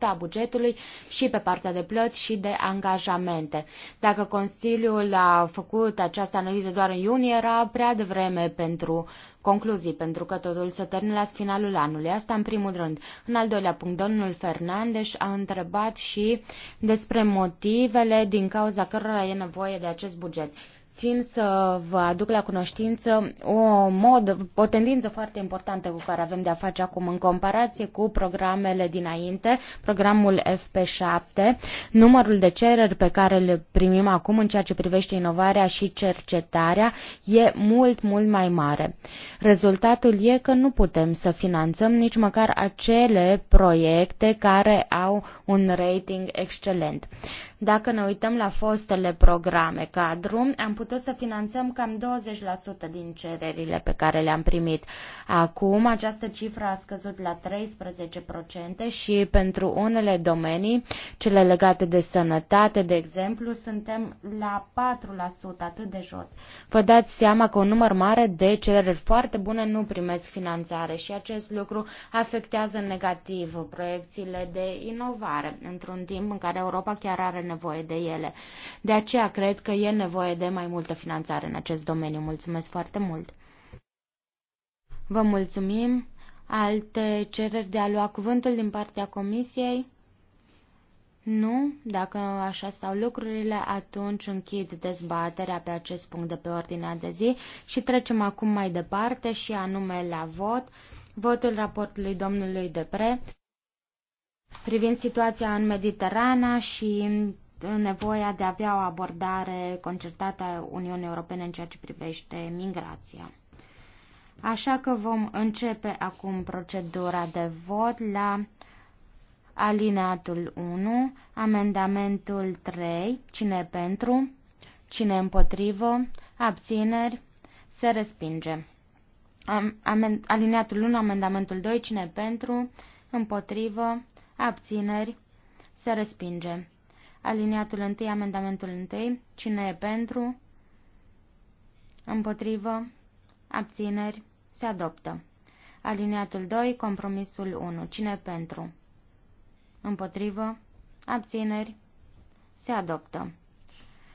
a bugetului și pe partea de plăți și de angajamente. Dacă Consiliul a făcut această analiză doar în iunie, era prea devreme pentru concluzii, pentru că totul se termină la finalul anului. Asta în primul rând. În al doilea punct, domnul Fernandes a întrebat și despre motivele din cauza cărora e nevoie de acest buget țin să vă aduc la cunoștință o mod, o tendință foarte importantă cu care avem de-a face acum în comparație cu programele dinainte, programul FP7, numărul de cereri pe care le primim acum în ceea ce privește inovarea și cercetarea e mult, mult mai mare. Rezultatul e că nu putem să finanțăm nici măcar acele proiecte care au un rating excelent. Dacă ne uităm la fostele programe cadru, am putut să finanțăm cam 20% din cererile pe care le-am primit. Acum această cifră a scăzut la 13% și pentru unele domenii, cele legate de sănătate, de exemplu, suntem la 4%, atât de jos. Vă dați seama că un număr mare de cereri foarte bune nu primesc finanțare și acest lucru afectează negativ proiecțiile de inovare într-un timp în care Europa chiar are nevoie de ele. De aceea cred că e nevoie de mai multă finanțare în acest domeniu. Mulțumesc foarte mult! Vă mulțumim! Alte cereri de a lua cuvântul din partea comisiei? Nu, dacă așa stau lucrurile, atunci închid dezbaterea pe acest punct de pe ordinea de zi și trecem acum mai departe și anume la vot, votul raportului domnului Depre privind situația în Mediterana și nevoia de a avea o abordare concertată a Uniunii Europene în ceea ce privește migrația. Așa că vom începe acum procedura de vot la alineatul 1, amendamentul 3, cine pentru, cine împotrivă, abțineri, se respinge. Am, alineatul 1, amendamentul 2, cine pentru, împotrivă, Abțineri. Se respinge. Aliniatul 1, amendamentul 1. Cine e pentru? Împotrivă. Abțineri. Se adoptă. Aliniatul 2, compromisul 1. Cine e pentru? Împotrivă. Abțineri. Se adoptă.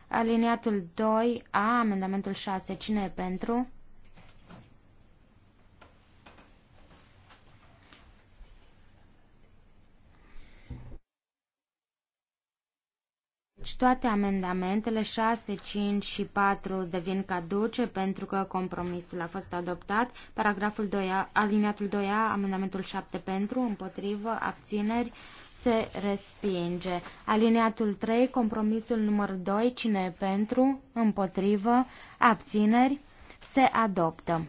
Aliniatul 2, A, amendamentul 6. Cine e pentru? Toate amendamentele 6, 5 și 4 devin caduce pentru că compromisul a fost adoptat. Paragraful 2A, aliniatul 2A, amendamentul 7 pentru, împotrivă, abțineri, se respinge. Aliniatul 3, compromisul numărul 2, cine e pentru, împotrivă, abțineri, se adoptă.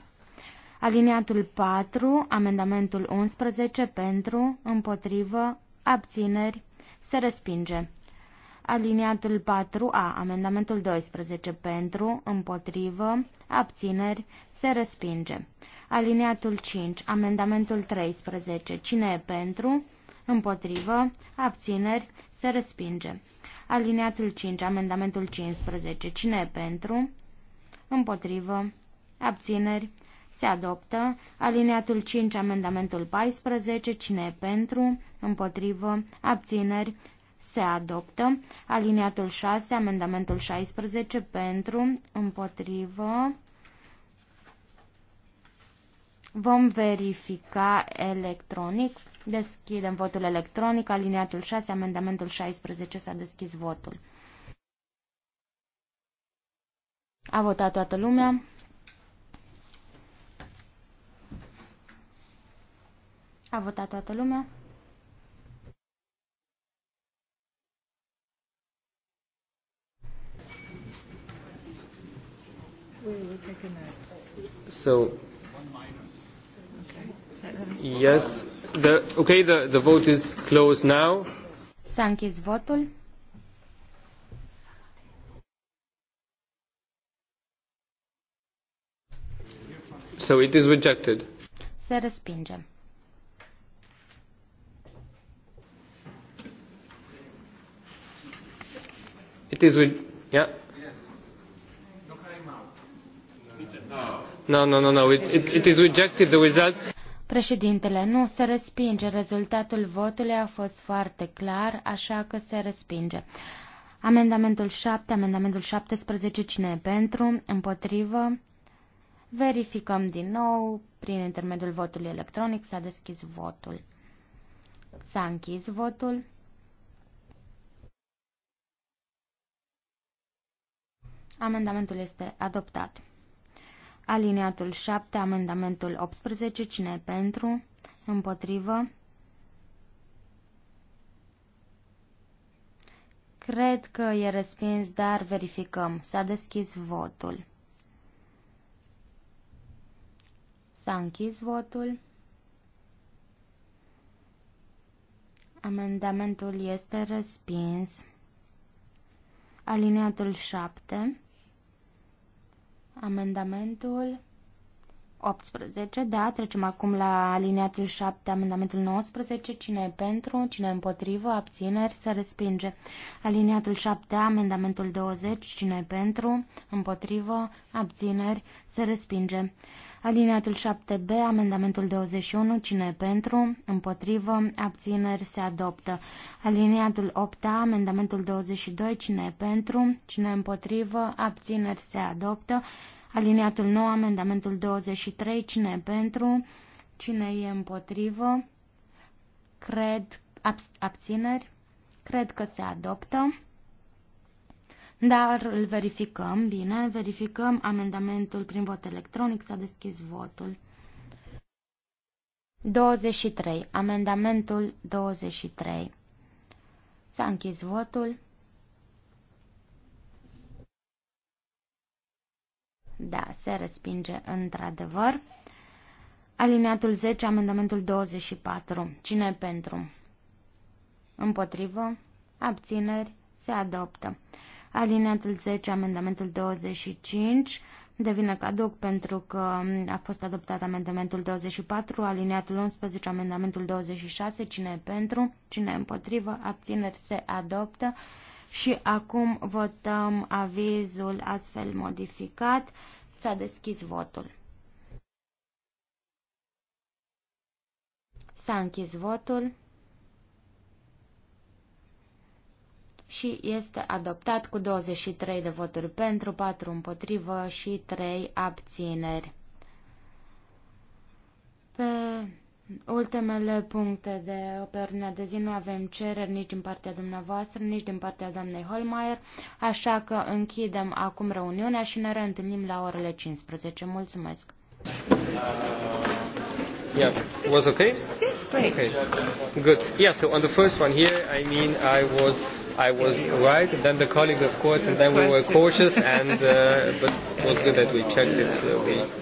Aliniatul 4, amendamentul 11 pentru, împotrivă, abțineri, se respinge. Aliniatul 4A, amendamentul 12 pentru, împotrivă, abțineri, se respinge. Aliniatul 5, amendamentul 13, cine e pentru, împotrivă, abțineri, se respinge. Aliniatul 5, amendamentul 15, cine e pentru, împotrivă, abțineri, se adoptă aliniatul 5, amendamentul 14, cine e pentru, împotrivă, abțineri, se adoptă. Aliniatul 6, amendamentul 16 pentru, împotrivă. Vom verifica electronic. Deschidem votul electronic. Aliniatul 6, amendamentul 16 s-a deschis votul. A votat toată lumea. A votat toată lumea. We will take a note. So. Okay. Yes. The, okay, the, the vote is closed now. S-a închis votul. So it is rejected. Se respinge. It is, yeah. No, no, no, no. It, it, it is rejected. The result... Președintele, nu se respinge. Rezultatul votului a fost foarte clar, așa că se respinge. Amendamentul 7, amendamentul 17, cine e pentru, împotrivă? Verificăm din nou, prin intermediul votului electronic s-a deschis votul. S-a închis votul. Amendamentul este adoptat. Aliniatul 7, amendamentul 18, cine e pentru? Împotrivă? Cred că e respins, dar verificăm. S-a deschis votul. S-a închis votul. Amendamentul este respins. Alineatul 7. Amendamentul 18, da, trecem acum la alineatul 7, amendamentul 19, cine e pentru, cine e împotrivă, abțineri, se respinge. Alineatul 7, amendamentul 20, cine e pentru, împotrivă, abțineri, se respinge. Alineatul 7b, amendamentul 21, cine e pentru, împotrivă, abțineri, se adoptă. Alineatul 8 amendamentul 22, cine e pentru, cine e împotrivă, abțineri, se adoptă. Aliniatul 9, amendamentul 23, cine e pentru, cine e împotrivă, cred, ab, abțineri, cred că se adoptă. Dar îl verificăm, bine, verificăm amendamentul prin vot electronic, s-a deschis votul. 23. Amendamentul 23. S-a închis votul. Da, se respinge într-adevăr. Alineatul 10, amendamentul 24. Cine e pentru? Împotrivă? Abțineri? Se adoptă. Alineatul 10, amendamentul 25 devine caduc pentru că a fost adoptat amendamentul 24, alineatul 11, amendamentul 26, cine e pentru, cine e împotrivă, abțineri se adoptă. Și acum votăm avizul astfel modificat. S-a deschis votul. S-a închis votul și este adoptat cu 23 de voturi pentru, 4 împotrivă și 3 abțineri. Pe Ultimele puncte de pe ordinea de zi nu avem cereri nici din partea dumneavoastră, nici din partea doamnei Holmeier, așa că închidem acum reuniunea și ne reîntâlnim la orele 15. Mulțumesc! Yeah, was okay? Great. Okay. Good. Yeah, so on the first one here, I mean, I was I was right, and then the colleague, of course, and then we were cautious, and uh, but it was good that we checked it. So we